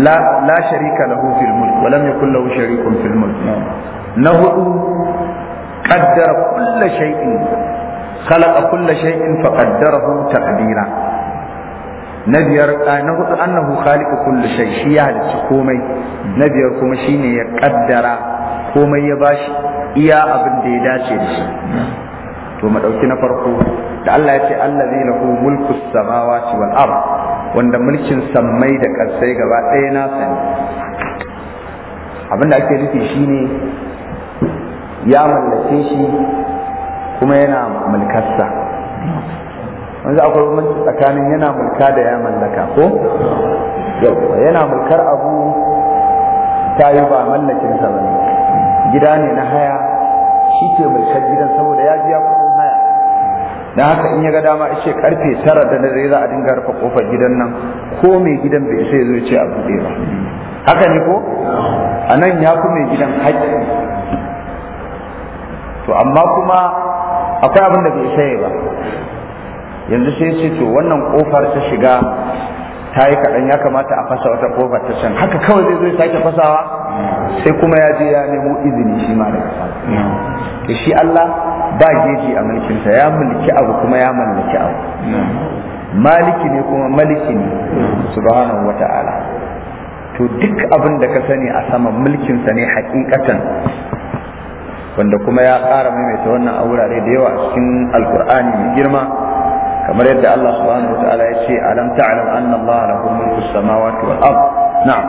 la sharika lahu fil mulk wa lam yakul lahu sharikun fil mulk na hudu qaddara kulla shay'in khalaqa kulla shay'in fa qaddarahu taqdira na biyar na hudu annahu khaliqu kulli shay shi ya halicci komai na biyar kuma shine ya kaddara komai ya bashi iya abinda ya dace da shi to mu na farko da Allah ya ce allazi lahu mulku samawati wal ard wanda mulkin sammai da ƙasai gaba ɗaya na sani abin da ake nufi shine ya mallake shi kuma yana mulkarsa wanzu akwai bambanci tsakanin yana mulka da ya mallaka ko yana mulkar abu ta yi ba mallakinsa ba ne gida ne na haya shi ke mulkar gidan saboda ya biya kuɗin haya na haka in ya ga dama ishe karfe tara da dare za a dinga rufe kofar gidan nan ko mai gidan bai sai zo ce a buɗe ba haka ne ko a nan ya fi mai gidan haƙƙi to amma kuma akwai abin da bai saye ba yanzu sai ce to wannan kofar ta shiga ta yi kaɗan ya kamata a fasa wata kofar ta can haka kawai zai zai sake fasawa sai kuma ya je ya nemo izini shi ma daga sa. ke shi Allah ba geji a mulkinsa ya mulki abu kuma ya mallaki abu maliki ne kuma maliki ne subhanahu wata'ala to duk abin da ka sani a sama mulkinsa ne hakikatan wanda kuma ya ƙara maimaita wannan a wurare da yawa cikin alkur'ani mai girma kamar yadda Allah subhanahu wataala ya ce alam ta'lam anna Allah lahu mulku samawati wal ard na'am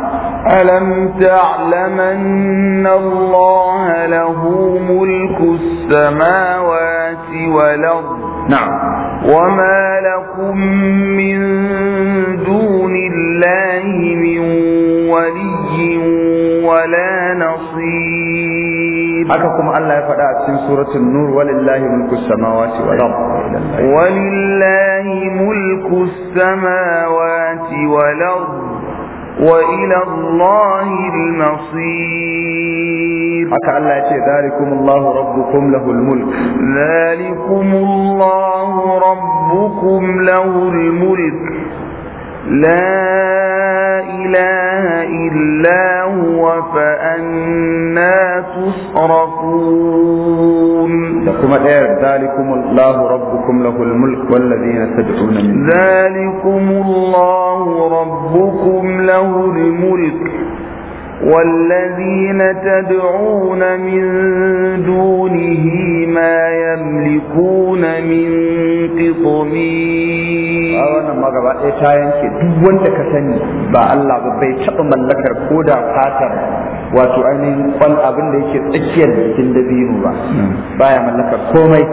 alam ta'lam anna Allah lahu mulku samawati wal ard na'am وما لكم من دون الله min waliyyin wala نصير haka kuma Allah ya faɗa a cikin suratul nur walillahi mulku samawati wal ard walillahi mulku samawati wal ard wa ila Allahi al-masir haka Allah ya ce zalikum Allahu rabbukum lahul mulk zalikum Allahu rabbukum lahul mulk لا إله إلا هو فأنا تصرفون لكم الآية ذلكم الله ربكم له الملك والذين تدعون من ذلكم الله ربكم له الملك والذين تدعون من دونه ما يملكون من قطمين a wannan ma ɗaya ta yanke duk wanda ka sani ba Allah ba bai taɓa mallakar ko da fatar wato ainihin kwan abin da yake tsakiyar jikin dabino ba baya mallakar komai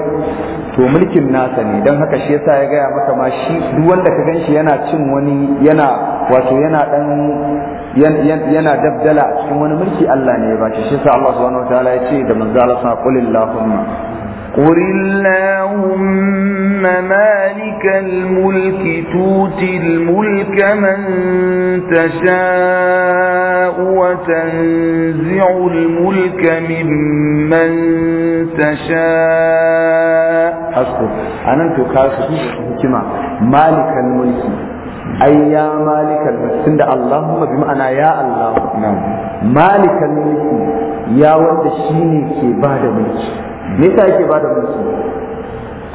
to mulkin nasa ne don haka shi yasa ya gaya maka ma shi duk wanda ka ganshi yana cin wani yana wato yana dan yana dabdala cikin wani mulki Allah ne ya bashi shi yasa Allah subhanahu wataala ya ce da manzo Allah sa قل اللهم مالك الملك توتي الملك من تشاء وتنزع الملك ممن تشاء أشكر أنا تقال حكمة مالك الملك أي يا مالك الملك عند اللهم بمعنى يا الله نعم مالك الملك يا ولد الشيني كي بعد الملك me yasa yake bada mulki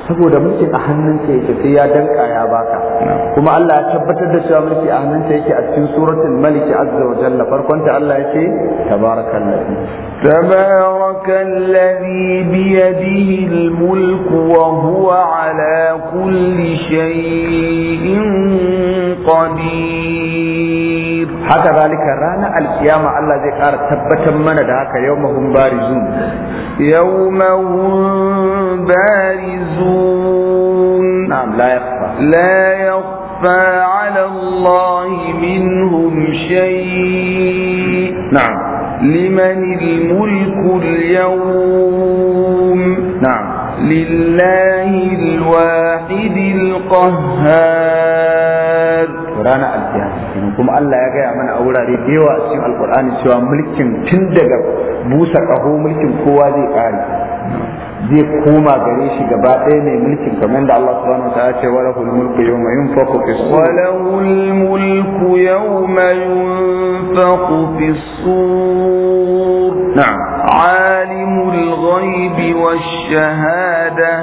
saboda mulkin a hannunsa yake sai ya danka ya baka kuma Allah ya tabbatar da cewa mulki a hannunsa yake a cikin suratul malik azza wa jalla farkon ta Allah yake tabarakallazi tabarakallazi bi yadihi almulk wa huwa ala kulli shay'in qadir haka zalika ranar alkiyama Allah zai ƙara tabbatar mana da haka yau mahun barizun yau mahun barizun na'am la yakhfa la yakhfa ala Allah minhum shay na'am liman al-mulku al-yawm na'am لله الواحد القهار رانا القيامة kuma Allah ya gaya mana a wurare da yawa cikin alkur'ani cewa mulkin tun daga busa ƙaho mulkin kowa zai ƙare zai koma gare shi gaba ɗaya mai mulkin kamar da Allah subhanahu wa ta'ala ce wa lahul mulku yawma yunfaqu fi sur wa lahul mulku yawma yunfaqu fi sur na'am alimul ghaibi wash shahada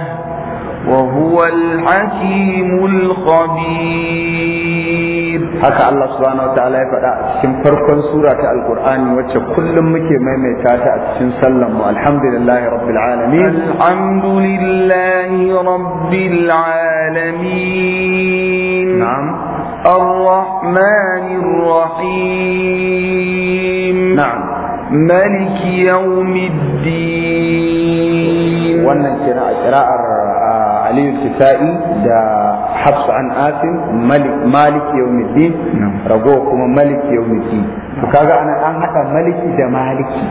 wa huwa al haka Allah subhanahu wataala ya faɗa a cikin farkon sura ta alqur'ani wacce kullum muke maimaita ta a cikin sallan mu alhamdulillahi rabbil alamin alhamdulillahi rabbil alamin na'am arrahmanir rahim na'am مالك يوم الدين wannan kira a kira'ar Aliyu Kisa'i da الحبس عن آثم ملك مالك يوم الدين رجوع كما ملك يوم الدين فكذا أنا أنا ملك ده مالكي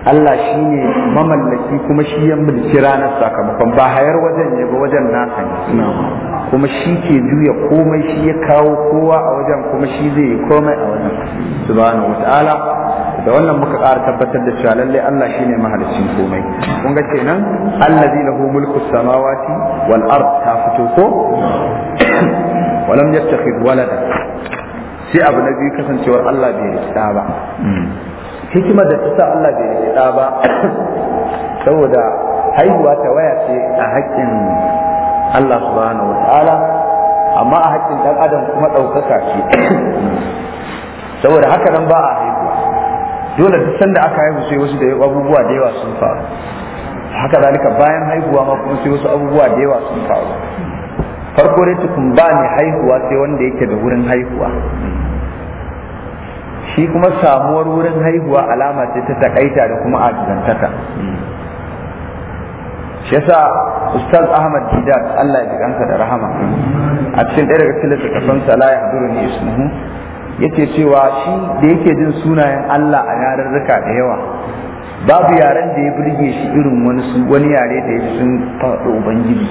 Allah shi ne mamallaki kuma shi ya mulki ranar sakamakon ba hayar wajen ya ba wajen nasa kuma shi ke juya komai shi ya kawo kowa a wajen kuma shi zai yi komai a wajen subhanahu wata'ala da wannan muka ƙara tabbatar da cewa lallai Allah shine mahaliccin komai kun ga kenan allazi lahu mulku samawati wal ard ta fito ko *coughs* walam yattakhid walada sai abu na biyu kasancewar Allah bai rikida ba hikimar da ta sa Allah bai rikida ba *coughs* saboda haihuwa ta waya ce a haƙƙin Allah subhanahu wa ta'ala amma a haƙƙin ɗan adam kuma ɗaukaka ce saboda haka nan ba a haihuwa dole duk sanda aka haihu sai wasu da abubuwa da yawa sun faru haka zalika bayan haihuwa ma kuma sai wasu abubuwa da yawa sun faru farko dai tukun ba ne haihuwa sai wanda yake da wurin haihuwa shi kuma samuwar wurin haihuwa alama ce ta takaita da kuma ajizantaka shi yasa ustaz ahmad didat allah ya ji kansa da rahama a cikin ɗaya daga cikin littattafan sala ya haduru ismuhu yake cewa shi da yake jin sunayen allah a yarurruka da yawa babu yaren da ya burge shi irin wani wani yare da ya sun faɗo ubangiji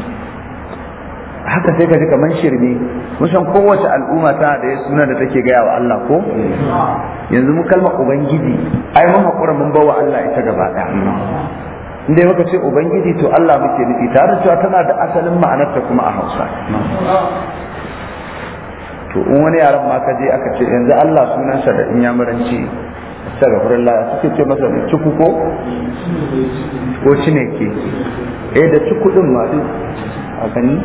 haka sai ka ji kamar shirme musan kowace al'umma tana da suna da take gaya wa Allah ko yanzu mu kalmar ubangiji ai mun hakura mun bawa Allah ita gaba ɗaya inda muka ce ubangiji to Allah muke nufi tare cewa tana da asalin ma'anarta kuma a Hausa to in wani yaran ma ka je aka ce yanzu Allah sunansa da in yamuranci astaghfirullah suke ce masa ne ciku ko ko ke eh da cuku din ma a gani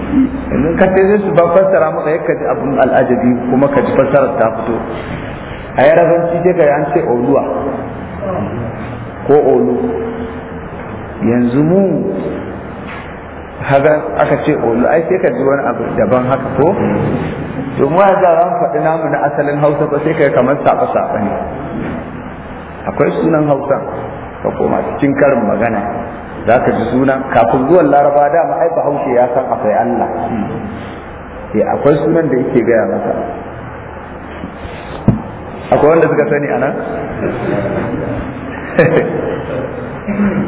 in ka ce su ba fassara maka yakka ji abin al'ajabi kuma ka ji fassarar ta fito a yarabanci dai ga an ce oluwa ko olu yanzu mu haga aka ce olu ai sai ka ji wani abu daban haka ko to mu za ran faɗi namu na asalin hausa ko sai ka kamar saba saba ne akwai sunan hausa ka koma cikin karin magana za ka ji sunan kafin zuwan laraba dama ai bahaushe ya san akwai allah ya eh, akwai sunan da yake gaya masa akwai wanda suka sani a nan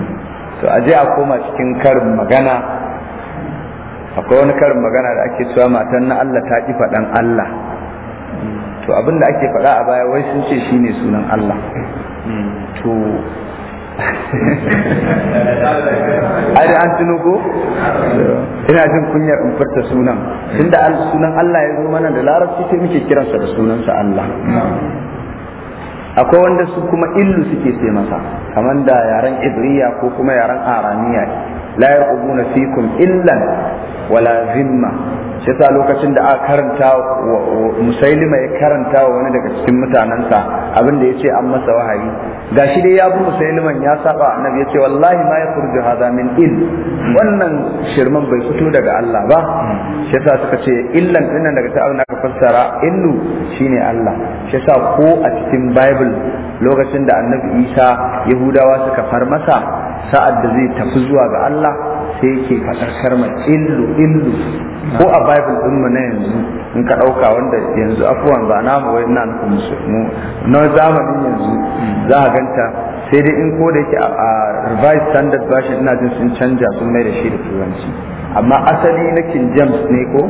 *laughs* to aje a koma cikin karin magana akwai wani karin magana da ake cewa matan na Allah ta ƙi faɗan Allah to abin da ake faɗa a baya wai sun ce shine sunan Allah to *laughs* ai an tuno ko ina jin kunyar in furta sunan tunda sunan Allah ya zo mana da larabci sai muke kiransa da sunansa Allah akwai wanda su kuma illu suke taimaka, masa kamar da yaren ibriya ko kuma yaren aramiya la yarqubuna fikum illan wala zimma shi yasa lokacin da aka karanta musailima ya karanta wa wani daga cikin mutanensa abin da yace an masa wahayi gashi dai ya bi musailiman ya saba annabi yace wallahi ma ya furju hada min il wannan shirman bai fito daga Allah ba shi yasa suka ce illan dinnan daga ta abin aka fassara illu shine Allah shi yasa ko a cikin bible lokacin da annabi Isa Yahudawa suka far masa sa'ad da zai tafi zuwa ga Allah sai yake faɗar karmar illu illu ko a bible din mu na yanzu in ka ɗauka wanda yanzu afuwan ba na mu wai ku mu na zamanin yanzu za a ganta sai dai in ko da yake a revised standard version ina jin sun canja sun mai da shi da turanci amma asali na king james ne ko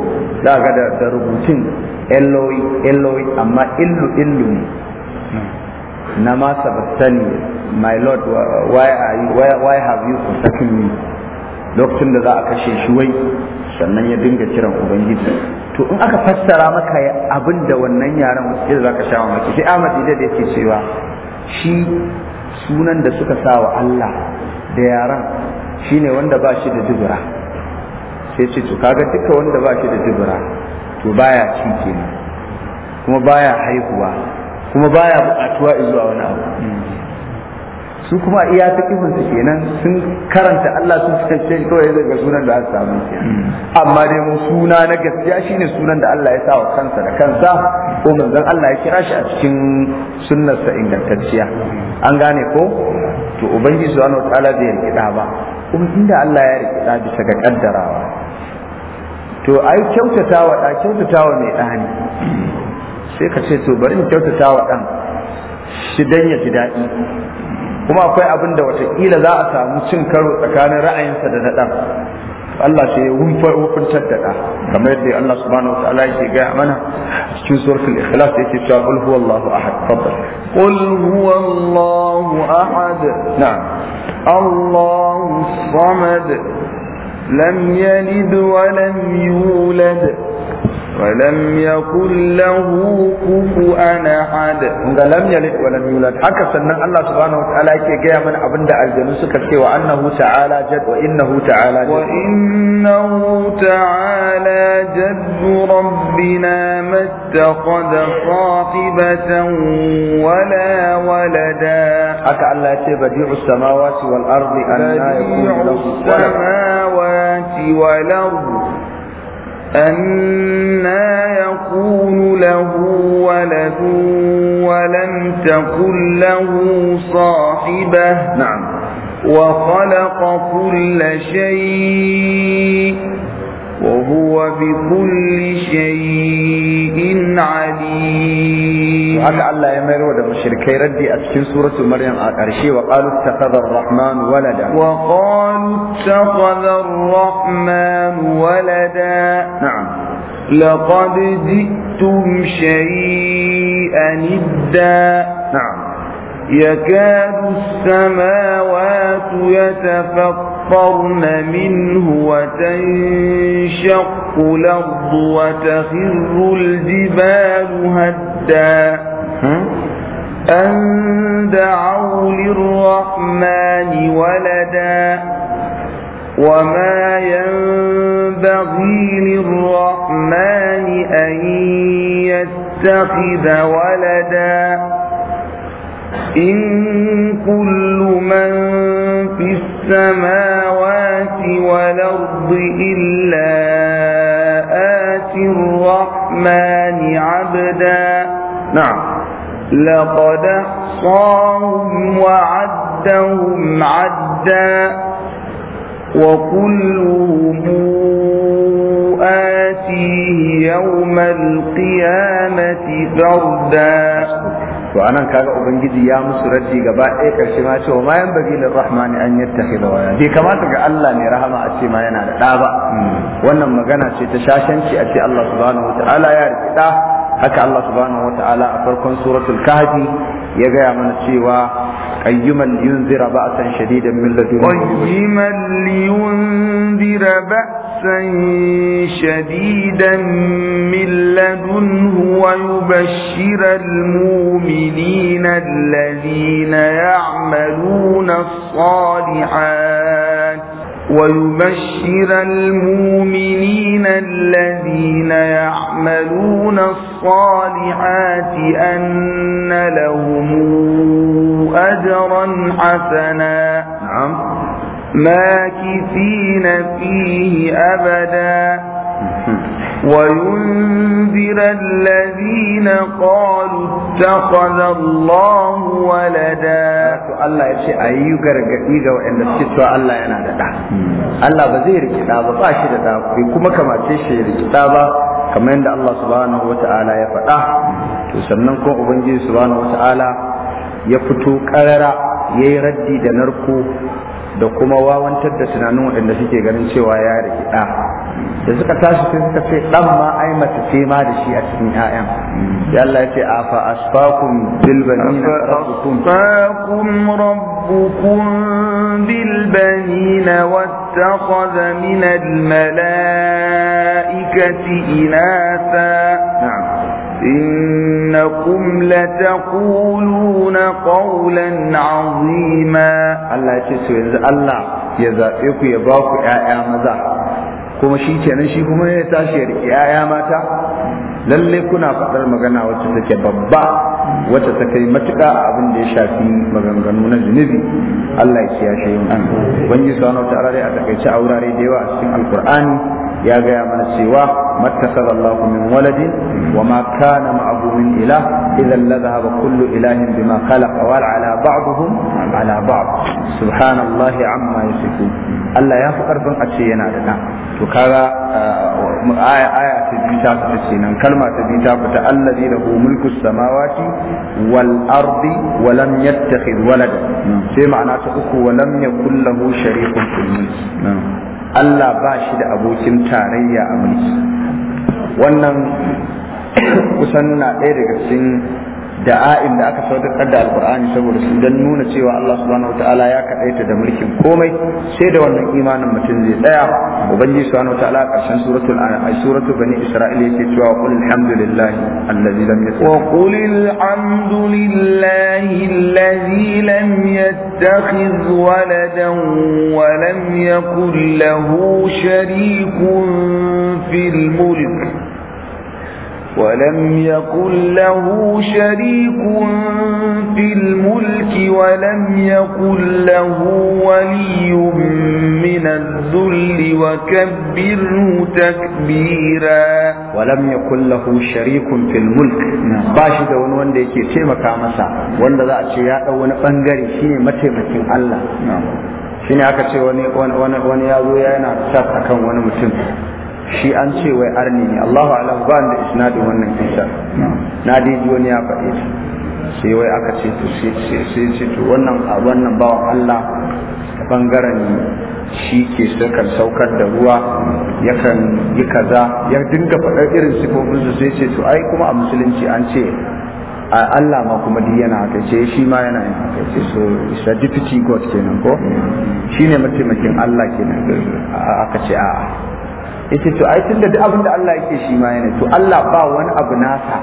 za ga da rubutun eloi eloi e, amma illu illu ne Na masa bastani my lord, why, are you, why, why have you forsaken me? Lokacin da za a kashe shi wai sannan ya dinga kiran Ubangiji. To in aka fassara maka abin da wannan yaren yadda za ka sha mamaki, Sai Ahmad Ida da yake cewa shi sunan da suka sa wa Allah da yaren shine wanda ba shi da dubura. Sai ce to kaga duka wanda ba shi da dubura to baya ci kenan kuma baya haihuwa kuma baya buƙatuwa zuwa wani abu su kuma iya ta kifin su kenan sun karanta Allah sun fitacce kawai ga sunan da aka samu amma dai mun suna na gaskiya shine sunan da Allah ya sa wa kansa da kansa ko manzon Allah ya kira shi a cikin sa ingantacciya an gane ko to ubangiji subhanahu wataala bai rikida ba kuma inda Allah ya rikida bisa ga kaddarawa to ai kyautatawa da kyautatawa mai dani sai ka ce to bari in kyautata wa ɗan shi dan ya ji daɗi kuma akwai abin da watakila za a samu cin karo tsakanin ra'ayinsa da na ɗan Allah sai ya hukuntar da ɗa kamar yadda Allah subhanahu wa ta'ala yake gaya mana cikin suratul ikhlas yake cewa qul huwallahu ahad fadl qul huwallahu ahad na'am Allahu samad lam yalid wa lam yulad ولم يكن له كفوا احد ga lam yalid wa lam yulad haka sannan Allah subhanahu wataala yake gaya mana abinda aljanu suka ce wa annahu ta'ala jad wa innahu ta'ala jad wa innahu ta'ala jad rabbina mattakhadha sahibatan wala walada haka Allah ya ce badi'us samawati wal ardi anna أنا يكون له ولد ولم تكن له صاحبة نعم وخلق كل شيء وهو بكل شيء عليم هذا الله يمر ده مشركي ردي أتكين سورة مريم أرشي وقالوا اتخذ الرحمن ولدا وقالوا اتخذ الرحمن ولدا نعم لقد جئتم شيئا إدا نعم يكاد السماوات يتفطر فَأَمْطَرْنَ مِنْهُ وَتَنشَقُّ الْأَرْضُ وَتَخِرُّ الْجِبَالُ هَدًّا أَن دَعَوْا لِلرَّحْمَنِ وَلَدًا وَمَا يَنبَغِي لِلرَّحْمَنِ أَن يَتَّخِذَ وَلَدًا إِن كُلُّ مَن فِي السماوات والأرض إلا آتي الرحمن عبدا نعم لقد احصاهم وعدهم عدا وكلهم آتيه يوم القيامة فردا to anan kaga ubangiji ya musu raddi gaba ɗaya karshe ma cewa ma yan bagi rahman an yattakhidha wala bai kamata ga Allah mai rahama a ce ma yana da ɗa ba wannan magana ce ta shashanci a ce Allah subhanahu wataala ya riki ɗa haka Allah subhanahu wataala a farkon suratul kahfi ya gaya mana cewa قيما لينذر بأسا شديدا من لدنه قيما لينذر بأسا شديدا من لدنه ويبشر المؤمنين الذين يعملون الصالحات ويبشر المؤمنين الذين يعملون الصالحات أن لهم أجرا حسنا نعم. ماكثين فيه أبدا وينذر الذين قالوا اتخذ الله ولدا الله يشي أيو غرغدي ga wanda suke cewa Allah yana da da Allah ba zai rike da ba ba shi da da kuma kamace shi rike da ba kamar yadda Allah subhanahu wata'ala ya faɗa to sannan kuma ubangiji subhanahu wata'ala ya fito karara yayi raddi da narko da kuma wawantar da tunanin waɗanda suke ganin cewa ya rike da da suka tashi sai suka ce dan ma ai mace ce ma da shi a cikin ƴaƴan ya Allah ya ce afa asfaqum bil banina rabbukum asfakum rabbukum bil banina wattakhadha min al malaikati inatha إنكم لتقولون قولا عظيما الله يتسوي الله يزاقك يباك يا maza. kuma shi kenan shi kuma ya tashi ya riƙe yaya mata lalle kuna faɗar magana wacce take babba wacce ta kai matuƙa a abin da ya shafi maganganu na zunubi Allah ya kiyashe yin an ubangiji subhanahu wa ta'ala a takaice a wurare da yawa a cikin alkur'ani ya gaya mana cewa mattakar min waladin wa ma kana ma'abu min ilah idan la dhahaba kullu ilahin bima khalaqa wa ala ba'dihim ala ba'd subhanallahi amma yasifun Allah ya fi karfin a ce yana da da to kaga uh, aya aya ta biyu ta fita kenan kalma ta biyu ta fita allazi wal ardi wa lam yattakhidh walada ma'ana ta Allah da abokin tarayya a mulki wannan kusan na ɗaya daga cikin da'a'in da aka saukar da alkur'ani saboda su don nuna cewa Allah subhanahu ta'ala ya kaɗaita da mulkin komai sai da wannan imanin mutum zai tsaya ubangiji subhanahu wataala a ƙarshen suratul an'am suratul bani isra'ila yake cewa qul alhamdulillahi allazi lam yattakhidh wa qul alhamdulillahi allazi lam yattakhidh waladan wa lam yakul lahu sharikun fil mulk ولم يكن له شريك في الملك ولم يكن له ولي من الذل وكبره تكبيرا ولم يكن له شريك في الملك باشي ده wani wanda yake taimaka masa wanda za a ce ya dau wani bangare shine mataimakin Allah shine aka ce wani wani wani yazo yana tsaka kan wani mutum shi an ce wai arni ne Allahu alam ba da isnadin wannan kisa na dai ji wani ya faɗi sai wai aka ce to sai ce to wannan a wannan bawan Allah bangaren shi ke sukan saukar da ruwa yakan yi kaza ya dinga faɗar irin sifofin su sai ce to ai kuma a musulunci an ce a Allah ma kuma duk yana haka ce shi ma yana yin haka ce so is a deputy god kenan ko shine mataimakin Allah kenan aka ce a'a yace to ai tunda duk abin da Allah yake shi ma yana to Allah ba wani abu nasa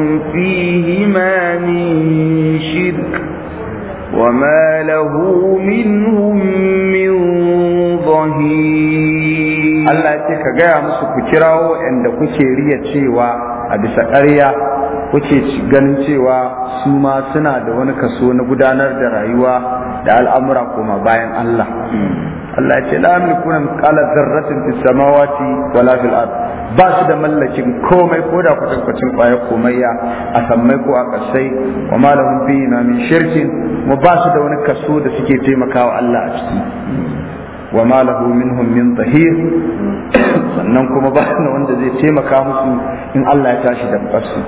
لكم فيهما من شرك وما له منهم من ظهير Allah ce ka gaya musu ku kirawo inda kuke riya cewa a bisa ƙarya kuke ganin cewa su ma suna da wani kaso na gudanar da rayuwa da al'amura kuma bayan Allah. Hmm. Allah ya ce la amlikuna qala zarratin fis samawati wala fil ardh ba su da mallakin komai ko da kwatankwacin kwaya ya a sammai ko a ƙasai wa malamin bihi na min shirkin mu ba su da wani kaso da suke taimakawa Allah a ciki wa malahu minhum min zahir sannan kuma ba su da wanda zai taimaka musu in Allah ya tashi da basu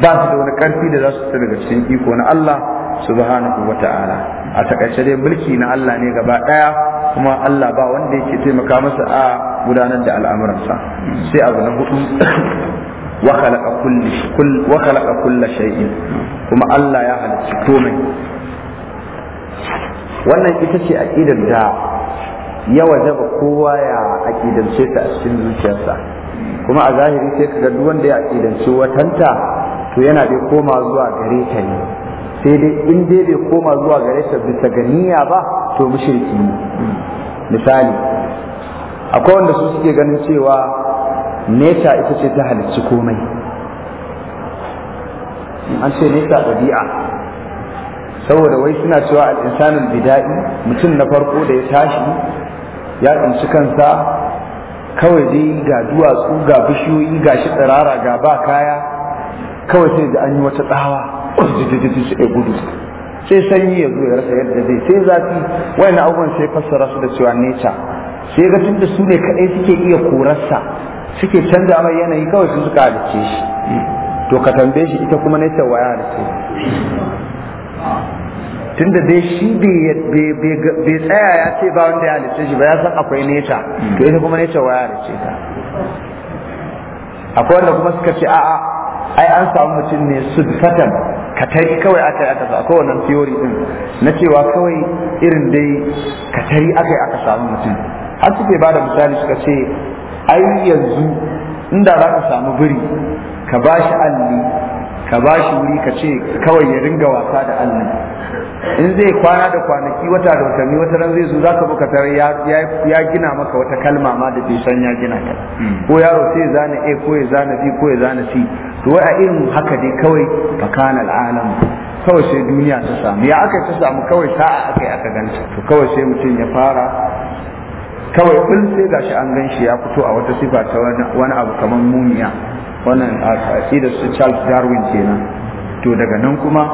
ba su da wani karfi da za su fita daga cikin iko na Allah subhanahu wata'ala a takaice dai mulki na Allah ne gaba daya kuma Allah ba wanda yake taimaka masa a gudanar da al'amuransa sai abu na hudu wa khalaqa kulli kull wa khalaqa shay'in kuma Allah ya halicci komai wannan ita ce aqidar da ya wajaba kowa ya aqidance ta a cikin zuciyarsa kuma a zahiri sai ka ga duk wanda ya aqidance watanta to yana dai koma zuwa gare ta ne sai dai in dai bai koma zuwa gare ta bisa ga niyya ba to mushriki ne misali akwai wanda su suke ganin cewa nesa ita ce ta halicci komai an ce nesa ɗabi'a saboda wai suna cewa al'insanin bida'i mutum na farko da ya tashi ya tsinci kansa kawai dai ga duwatsu ga bishiyoyi ga shi tsirara ga ba kaya kawai sai da an yi wata tsawa su ya gudu sai sanyi ya zo ya rasa yadda zai sai zafi wani na abubuwan sai fassara su da cewa nature sai ga tun da su ne kadai suke iya korarsa suke canza mai yanayi kawai sun suka halice shi to ka tambaye shi ita kuma nature wa ya halice tun da dai shi bai tsaya ya ce ba wanda ya halice shi ba ya san akwai nature to ita kuma nature wa ya halice ta akwai wanda kuma suka ce a'a ai an samu mutum ne su ka katari kawai aka yi aka sa akwai wannan theory din na cewa kawai irin dai katari aka yi aka samu mutum har suke ba da misali suka ce ai yanzu inda za ka samu biri ka ba shi alli ka ba shi wuri ka ce kawai ya ringa wasa da alli in zai kwana da kwanaki wata da watanni wata ran zai zo zaka buka tare ya gina maka wata kalma ma da bai san ya gina ka ko yaro sai zana a ko ya zana b ko ya zana c to wai a irin haka dai kawai kana al'alam kawai sai duniya ta samu ya aka ta samu kawai sa'a aka yi aka ganta to kawai sai mutum ya fara kawai kun sai gashi an gan shi ya fito a wata sifa ta wani abu kamar muniya wannan a su Charles Darwin kenan to daga nan kuma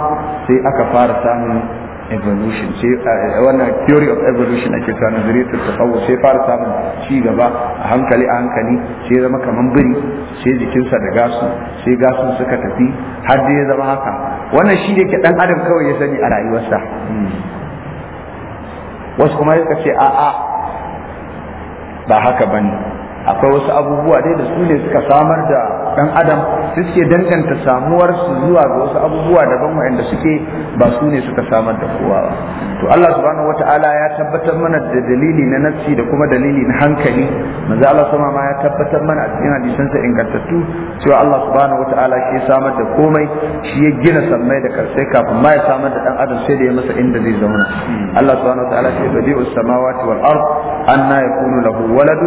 sai aka fara samun evolution sai eh, wannan theory of evolution ake cewa nazariyatul tasawwur sai fara samun ci gaba a hankali a hankali sai zama kaman biri sai jikinsa da gasu sai gasu suka tafi har da ya zama haka wannan shi ne ke dan adam kawai ya sani a rayuwarsa wasu kuma suka ce a'a ba haka bane akwai wasu abubuwa dai da su ne suka samar da dan adam su suke danganta samuwar su zuwa ga wasu abubuwa daban waɗanda suke ba su ne suka samar da kowa ba to Allah subhanahu wataala ya tabbatar mana da dalili na nafsi da kuma dalili na hankali manzo Allah sama ma ya tabbatar mana a cikin sa ingantattu cewa Allah subhanahu wataala shi ya samar da komai shi ya gina sammai da karsai kafin ma ya samar da dan adam sai da ya masa inda zai zauna Allah subhanahu wataala ya badi'us samawati wal ard أن يكون له ولد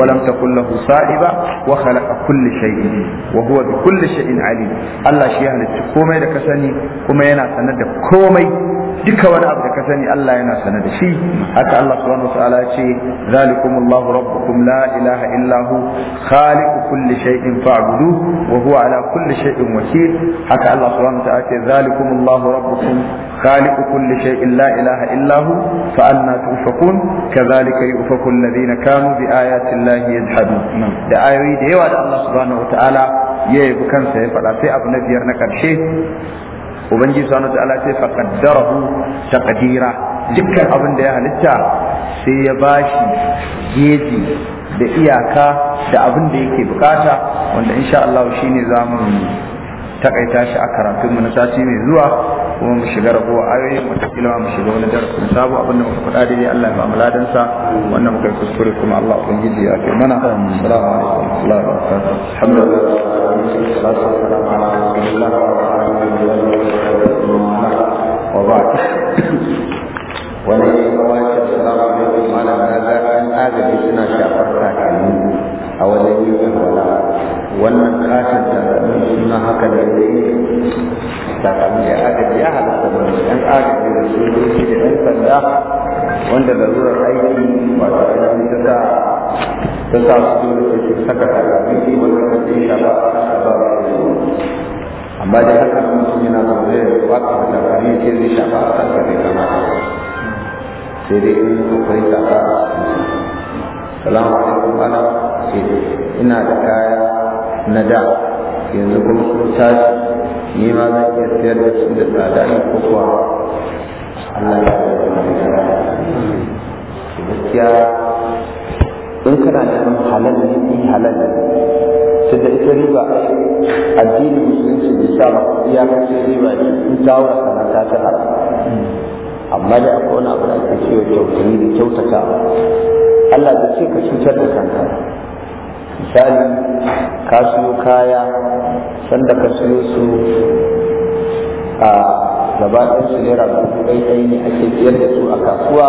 ولم تكن له صائبة وخلق كل شيء وهو بكل شيء عليم الله شيء أهل كومي لكسني كومي ينا سند كومي duka wani abu da ka sani Allah yana sanar da shi haka Allah subhanahu wa ta'ala ce zalikumullahu rabbukum la ilaha illa hu khaliqu kulli shay'in fa'budu wa huwa ala kulli shay'in wakil haka Allah subhanahu wa ta'ala ce zalikumullahu rabbukum khaliqu kulli shay'in la ilaha illa fa yu'fakul ladina kanu bi ayati llahi yajhadun da ayoyi da yawa da Allah subhanahu ya yabi kansa ya faɗa sai abu na biyar na ƙarshe ubangiji subhanahu wataala sai ta taqdira dukkan abin da ya halitta sai ya ba shi geji da iyaka da abin da yake bukata wanda insha shi ne zamani. takaita shi a karatun mu na sati mai zuwa kuma mu shiga ragowa ayoyin watakila mu shiga wani darasin sabo da muka faɗa daidai Allah ya ba sa wannan muka kuskure kuma Allah ubangiji ya kai mana assalamu alaikum wa alhamdulillah wa ba'd wani salamu alaikum an suna shafar kakanni a wajen wannan kashin takalmin suna haka ne da yi da ya agaji ya halatta ba da yan agaji da sojoji da yan sanda wanda larurar aiki ba ainihin ta sa ta sa su dole su saka takalmin wanda ka ce ya ba a ba amma dai haka nan mutum yana zaune da wata da kare ce zai shafa a da bai kama sai dai in kokarin shafa a cikin salamu alaikum ana ce ina da kaya na da yanzu kuma sun tashi ni ma zan iya siyar da su da tsada ne ko kuwa Allah ya yi. gaskiya in kana cikin halal ne ni halal ne da ita riba addinin musulunci bai sa ba ya kace riba ne in ta wura sana ta ta amma da akwai wani abu da ake cewa kyautani da kyautata Allah bai ce ka cutar da kanka misali ka siyo kaya sanda ka siyo su a gaba ɗan su naira dubu ɗai ne ake siyar da su a kasuwa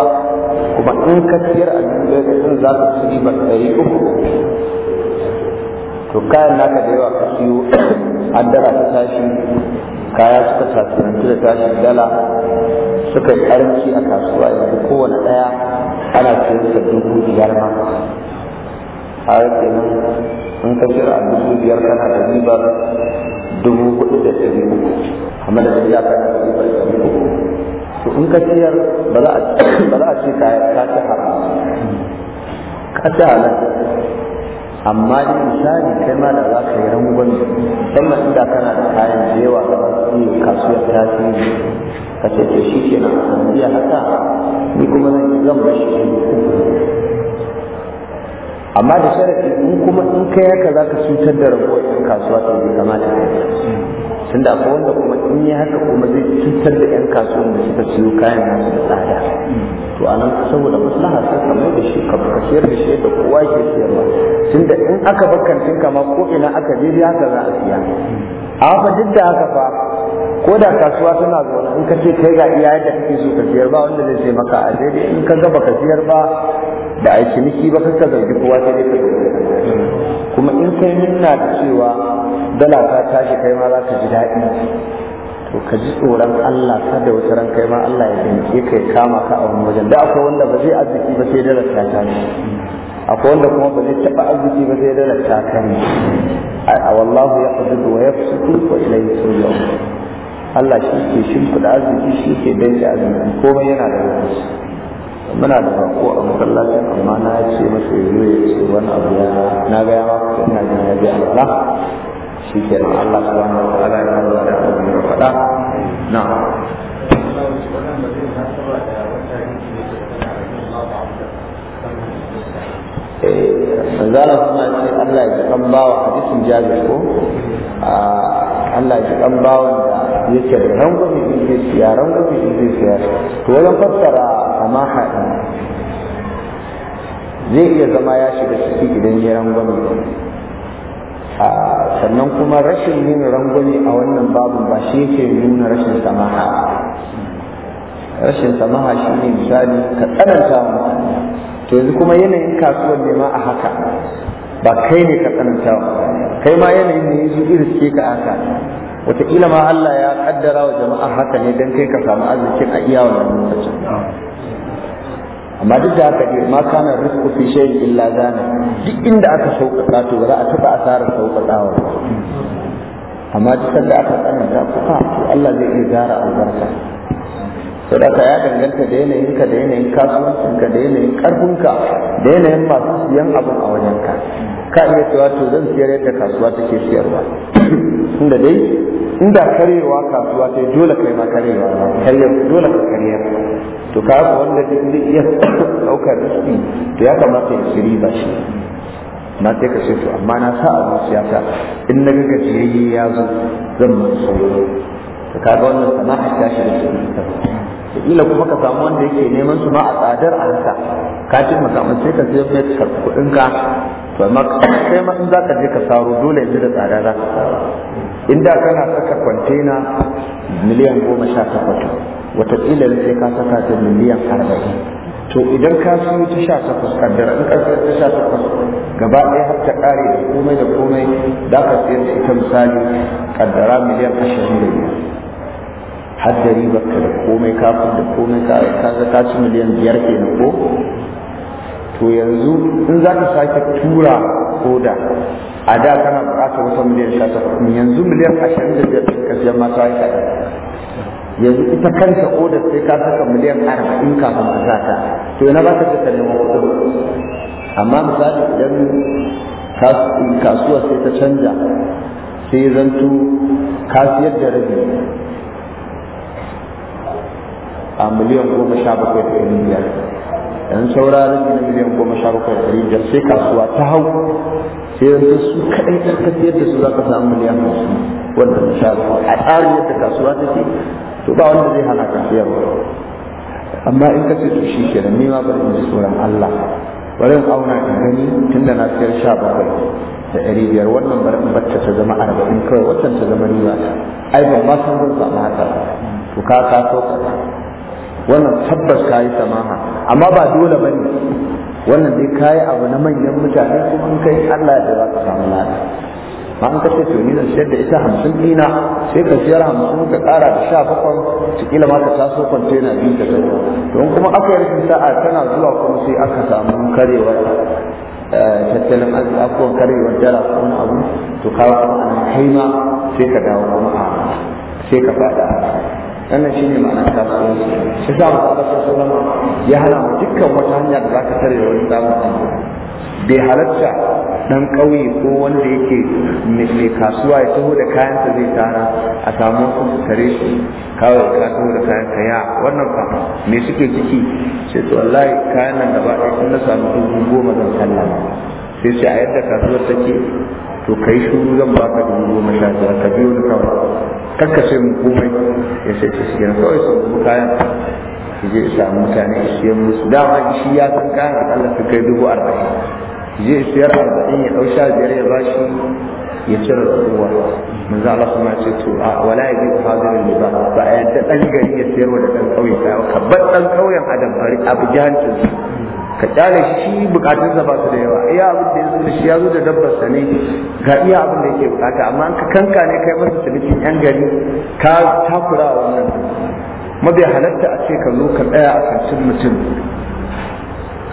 kuma in ka siyar a dubu ɗai ɗai za ka ci ribar ɗari uku to kayan naka da yawa ka siyo *clears throat* dara ta tashi kaya suka tasirantu da tashi dala suka yi ƙaranci a kasuwa yanzu kowane ɗaya ana siyar da dubu biyar ma har kenan in ka jira dubu biyar kana da ribar dubu hudu da ɗari uku amma da tafiya kana da ribar ɗari uku to in ka siyar ba za a ce ka ci haram ka ci halal amma da misali kai ma da za ka yi rangon musamman inda kana da kayan da yawa da iya kasuwar tasiri ka ce to shi ke nan a haka ni kuma zan bashi amma da sharafi in kuma in kai haka za ka cutar da rabuwar yan kasuwa to bai kamata ka yi tun da akwai wanda kuma in yi haka kuma zai cutar da yan kasuwan da suka siyo kayan nasu da tsada to a nan saboda maslaha sai ka mai da shi ka siyar da shi yadda kowa ke siyarwa tun da in aka bakkancin kama ko ina aka je haka za a siya a fa duk da haka fa ko da kasuwa tana zaune in ka ce kai ga iya yadda kake so ka siyar ba wanda zai sai maka a daidai in ka gaba ka siyar ba Da a yi ciniki ba kanka zargi kowa sai dai ka kuma in kai minna da cewa dala ta tashi kai ma za ka ji daɗi to ka ji tsoron Allah kada wata ran kai ma Allah ya dinke ka ya kama ka a wani wajen da akwai wanda ba zai arziki ba sai dala ta tashi akwai wanda kuma ba zai taɓa arziki ba sai dala ta kare a wallahu ya qadiru wa yabsutu wa ilayhi turja'un Allah shi ke shimfiɗa arziki shi ke danke arziki komai yana da lokaci mana ada aku ambil lagi amanah si masih hidup ini tuan abia naga yang naga yang dia Allah si Allah swt yang berada di mana? Nah. manzala kuma ce Allah ya kan bawa hadisin jabir ko Allah ya kan bawan da yake da rangwame in zai siya rangwame in zai siya to wajen fassara a din zai iya zama ya shiga ciki idan ya rangwame sannan kuma rashin nuna rangwame a wannan babu ba shi yake nuna rashin samaha rashin samaha shi ne misali ka tsananta wa mutane to yanzu kuma yanayin kasuwar ne ma a haka ba kai ne ka tsananta kai ma yanayin ne yanzu irin ke ka haka wataƙila ma Allah ya kaddara wa jama'a haka ne don kai ka samu arzikin a iya wannan lokacin amma duk da haka ma kana rizqu fi shay'in illa zana duk inda aka sauƙaƙa to ba za a taɓa asarar sauƙaƙawa amma duk da aka tsananta kuka to Allah zai iya gara albarka sadaka ya danganta da yanayin ka da yanayin kasuwancin ka da yanayin karfin ka da yanayin masu siyan abin a wajen ka ka iya cewa to zan siyar yadda kasuwa take siyarwa Inda *clears throat* dai inda karewa kasuwa ta dole kai ma karewa karyar dole ka karyar to ka ga wanda duk zai iya daukar *coughs* riski to ya kamata ya shiri ba shi na sai ka ce to amma na sa a siyasa in na ga gajiyayye ya zo zan mun sauro ka ga wannan sana'a ta shi da ke kila kuma ka samu wanda yake neman su ma a tsadar a haka ka ce makaman sai ka siyo mai ka kudin ka to amma sai ma in za ka je ka saro dole yanzu da tsada za ka saro inda kana saka kwantena miliyan goma sha takwas watakila sai ka saka ta miliyan arba'in to idan ka siyo ta sha takwas kaddara in ka siyo ta sha takwas gaba ɗaya har ta ƙare da komai da komai za ka siyar ta misali kaddara miliyan ashirin da biyar haddari da ka da komai kafin da komai ka ga ka ci miliyan biyar kenan ko to yanzu in za ka sake tura da a da kana buƙatar wata miliyan sha takwas yanzu miliyan ashirin da biyar ka siyan masu aika yanzu ita kanta da sai ka saka miliyan arba'in kafin ka sa ta to yana ba ka ce ka nemo kuɗin amma misali idan kasuwar sai ta canja sai zanto ka siyar da rabi a miliyan goma sha bakwai da ɗari biyar yan sauraron gina miliyan goma sha bakwai da ɗari biyar sai kasuwa ta hau sai yanzu su kaɗai ɗan ka siyar da su za ka samu miliyan hamsin wanda na sha bakwai a tsarin yadda kasuwa take to ba wanda zai hana ka siyarwa amma in ka ce to shi ke da ma bari in ji tsoron Allah bari in auna in gani tun da na siyar sha bakwai da ɗari biyar wannan bari ta zama arba'in kawai waccan ta zama riba ai ban ma san zan samu haka to ka ka sauka wannan tabbas ka yi samaha amma ba dole ba ne wannan dai ka yi abu na manyan mutane kuma in kai allah ya za ka samu lada ma an kace to ni zan sayar da ita hamsin dina sai ka siyar hamsin ka kara da sha bakwai cikila ma ka taso kwantena biyu ka kai don kuma aka yi sa'a tana zuwa kuma sai aka samu karewar eh, tattalin arziki abubuwan karewar dala ko wani abu to kawo kuma kai ma sai ka dawo kuma a sai ka faɗa a wannan ne ma'anar kasuwanci shi sa ba ta sallama ya hana mu dukkan wata hanya da za ka tare da wani samun bai halatta dan ƙauye ko wanda yake mai kasuwa ya taho da kayan zai tara a samu wasu tare shi kawai ka taho da kayan ka ya wannan fa me suke ciki sai to wallahi kayan nan gaba ɗaya sun na samu dubu goma zan sallama sai sai a yadda kasuwar take to kai shuru zan baka dubu goma sha biyar ka biyo ni kawai kakka sai mu komai ya sai ta siyan kawai sun kuma kayan ki je samu mutane ki siyan musu dama shi ya san kayan akalla ka kai dubu arba'in ki je siyar arba'in ya ɗau sha biyar ya bashi ya cire kowa manzo Allah kuma ce to a wala ya yaji hadirin riba ba a ta dan gari ya siyarwa da dan kauye ka bar dan kauyen adam bari abu jahancin ka kyale shi bukatunsa ba su da yawa iya abin da ya zo da shi ya zo da dabbar sa ne ga iya abin da yake bukata amma an ka kanka ne kai masa cinikin yan gari ka takura a wannan mabi halatta a ce ka ka tsaya a kantin mutum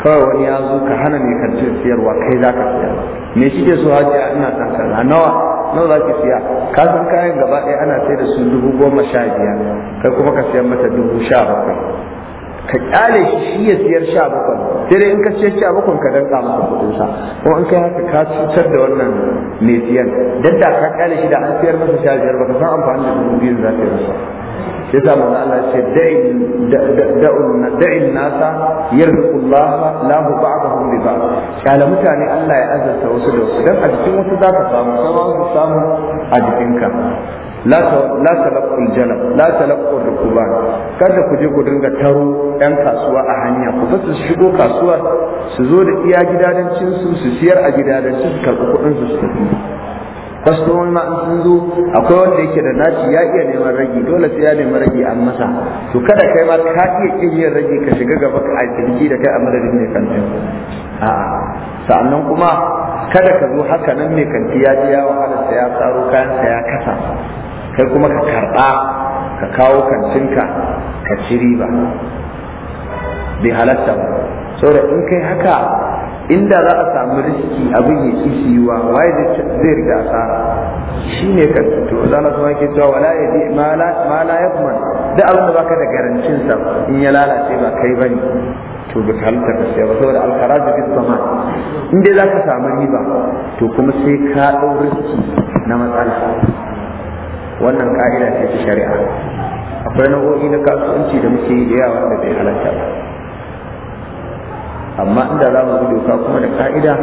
kawai wani ya zo ka hana mai kantin siyarwa kai za ka siya me shi ke so hajiya ina san kaza nawa nawa za ki siya ka san kayan gaba ɗaya ana sai da su dubu goma sha biyar kai kuma ka siyan mata dubu sha bakwai ka kyale shi shi ya siyar sha bakwai sai dai in ka siyar sha bakwai ka danka masa kudin sa ko an kai haka ka cutar da wannan mai siyan dan da ka kyale shi da an siyar masa sha biyar baka san amfani da dubu biyu za ka yi masa sai sa manzo Allah ce da'in da'in nasa yarzuqullah lahu ba'dahum bi ba'd kyale mutane Allah ya azarta wasu da wasu dan a jikin wasu za ka samu sai wasu samu a jikinka la talaqqul janab la talaqqul rukuban kada ku je ku dinga taro yan kasuwa a hanya ku ba su shigo kasuwa su zo da iya gidadancin su su siyar a gidadancin su karɓi kuɗin su su tafi kwastomomi ma sun zo akwai wanda yake da naci ya iya neman ragi dole sai ya neman ragi an masa to kada kai ma ka iya kin yin ragi ka shiga gaba ka alƙirji da kai a madadin ne kantin a sa'annan kuma kada ka zo haka nan mai kanti ya ji ya wahala sai ya tsaro kayan sa ya kasa kai kuma ka karɓa ka kawo kantinka ka ci riba bai halatta ba saboda in kai haka inda za a samu riski abin ya ki yiwa waye zai riga asara shi ne kan to za na kuma ke cewa wala ya ji ma ya kuma da abin da baka da garancin sa in ya lalace ba kai ne to bi halatta ka sai ba saboda alkharaj bi zaman in dai za ka samu riba to kuma sai ka ɗau riski na matsala wannan ka'ida ce ta shari'a akwai nau'o'i na kasuwanci da muke yi da yawa da bai halatta ba amma inda za mu bi doka kuma da ka'ida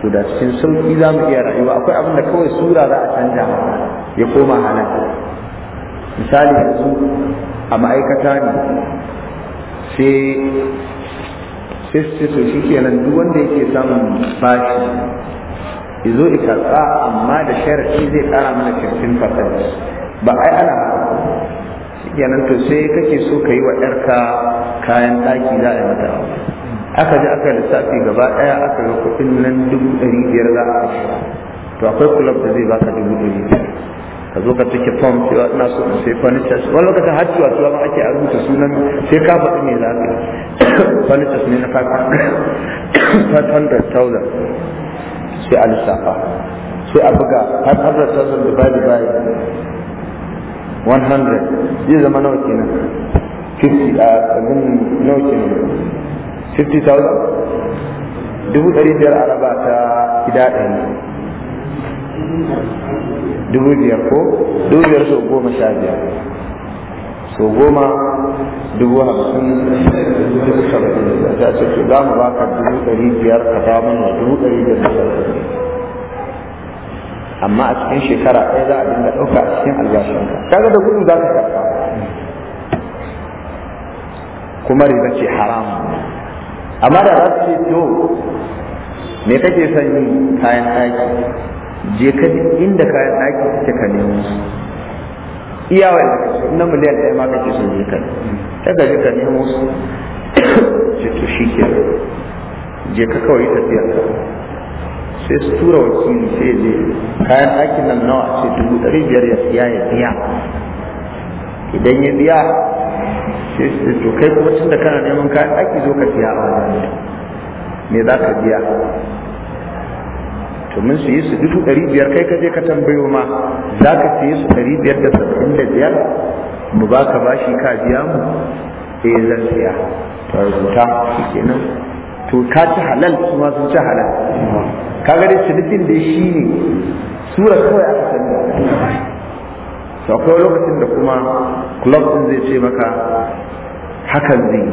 to da cikin sauki za mu iya rayuwa akwai abin da kawai sura za a canja ya koma halal misali yanzu a ma'aikata ne sai sai su shi kenan duk wanda yake samun bashi izo karɓa amma da sharaɗi zai ƙara mana fatan ba ai ana kenan to sai kake so ka yi wa ɗarka kayan ɗaki za a yi mata aka ji aka lissafi gaba ɗaya aka ga kuɗin nan dubu ɗari biyar za a kashe to akwai kulab da zai baka dubu ɗari biyar ka zo ka cike fom cewa ina so in sai furnitures wani lokacin har cewa cewa ma ake a rubuta sunan sai ka faɗi mai za ka *coughs* furnitures ne na 500,000 *coughs* sai a lissafa sai a buga har hundred tasar da by one 100 zai zama nawa kenan 50 a abin nawa kenan 50,000 dubu ɗari biyar araba ta gida ɗaya dubu biyar ko dubu biyar sau goma sha biyar so goma dubu hamsin dubu saba'in da ta ce to za mu baka dubu ɗari biyar ka ba mana dubu ɗari da saba'in amma a cikin shekara ɗaya za a dinga ɗauka a cikin albashinka kaga da kudu za ka karɓa kuma riba ce haram amma da za su ce to me kake son yin kayan ɗaki je ka inda kayan ɗaki suke ka nemo iya wanda na miliyan ɗaya ma kake son je ta gaji ka nemo su ce *coughs* to shi ke je ka kawai tafiya ka sai su tura wakili sai ya je kayan ɗakin nan nawa ce dubu ɗari biyar ya siya ya biya idan ya biya sai su to kai kuma tun da kana neman kayan ɗaki zo ka siya a wani me za ka biya to mun siye su dubu ɗari biyar kai ka je ka tambayo ma za ka siye su ɗari biyar da saba'in da biyar mu ba ka bashi ka biya mu eh zan siya ta rubuta shi kenan to ka ci halal kuma sun ci halal ga dai cinikin da shi ne sura kawai aka sani to akwai lokacin da kuma club din zai ce maka hakan zai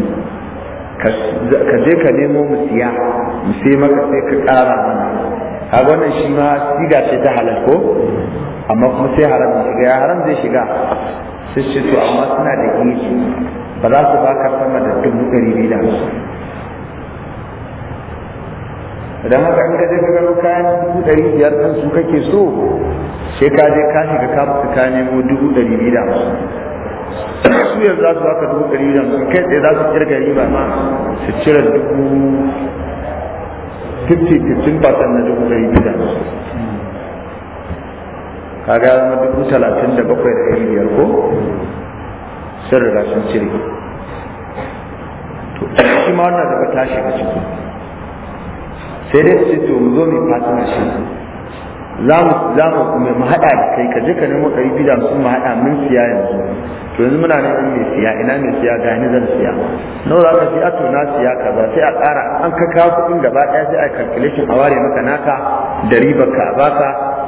ka je ka nemo mu siya mu sai maka sai ka ƙara mana kaga wannan shi ma siga ce ta halal ko amma kuma sai haram shiga ya haram zai shiga sai ce to amma suna da iri ba za su baka sama da dubu ɗari biyu da hamsin idan haka in ka je ka gano kayan dubu ɗari biyar ɗin su kake so sai ka je ka shiga ka fi ka nemo dubu ɗari biyu da hamsin su yanzu za su ka dubu ɗari biyu da hamsin kai tsaye za su kirga riba ma su cire dubu 50-50 percent na dubu ɗari biyu da kaga zama dubu talatin da bakwai da ɗari biyar ko sun riga sun cire to shi ma wannan daga tashi a ciki sai dai su ce to mu zo mu yi fatan shi za mu mu kuma mu da kai ka je ka nemo ɗari biyu da mu haɗa mun siya yanzu to yanzu muna neman mai siya ina mai siya ga ni zan siya nawa za ka siya to na siya ba sai a ƙara an ka kawo kuɗin ba ɗaya sai a calculation a ware maka naka da ribar ka a baka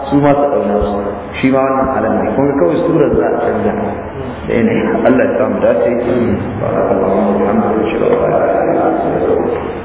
su ma su ɗauna su shi ma wannan halin ne kawai surar za a canza da yanayi Allah ya samu dace wa rahmatullahi wa barakatuh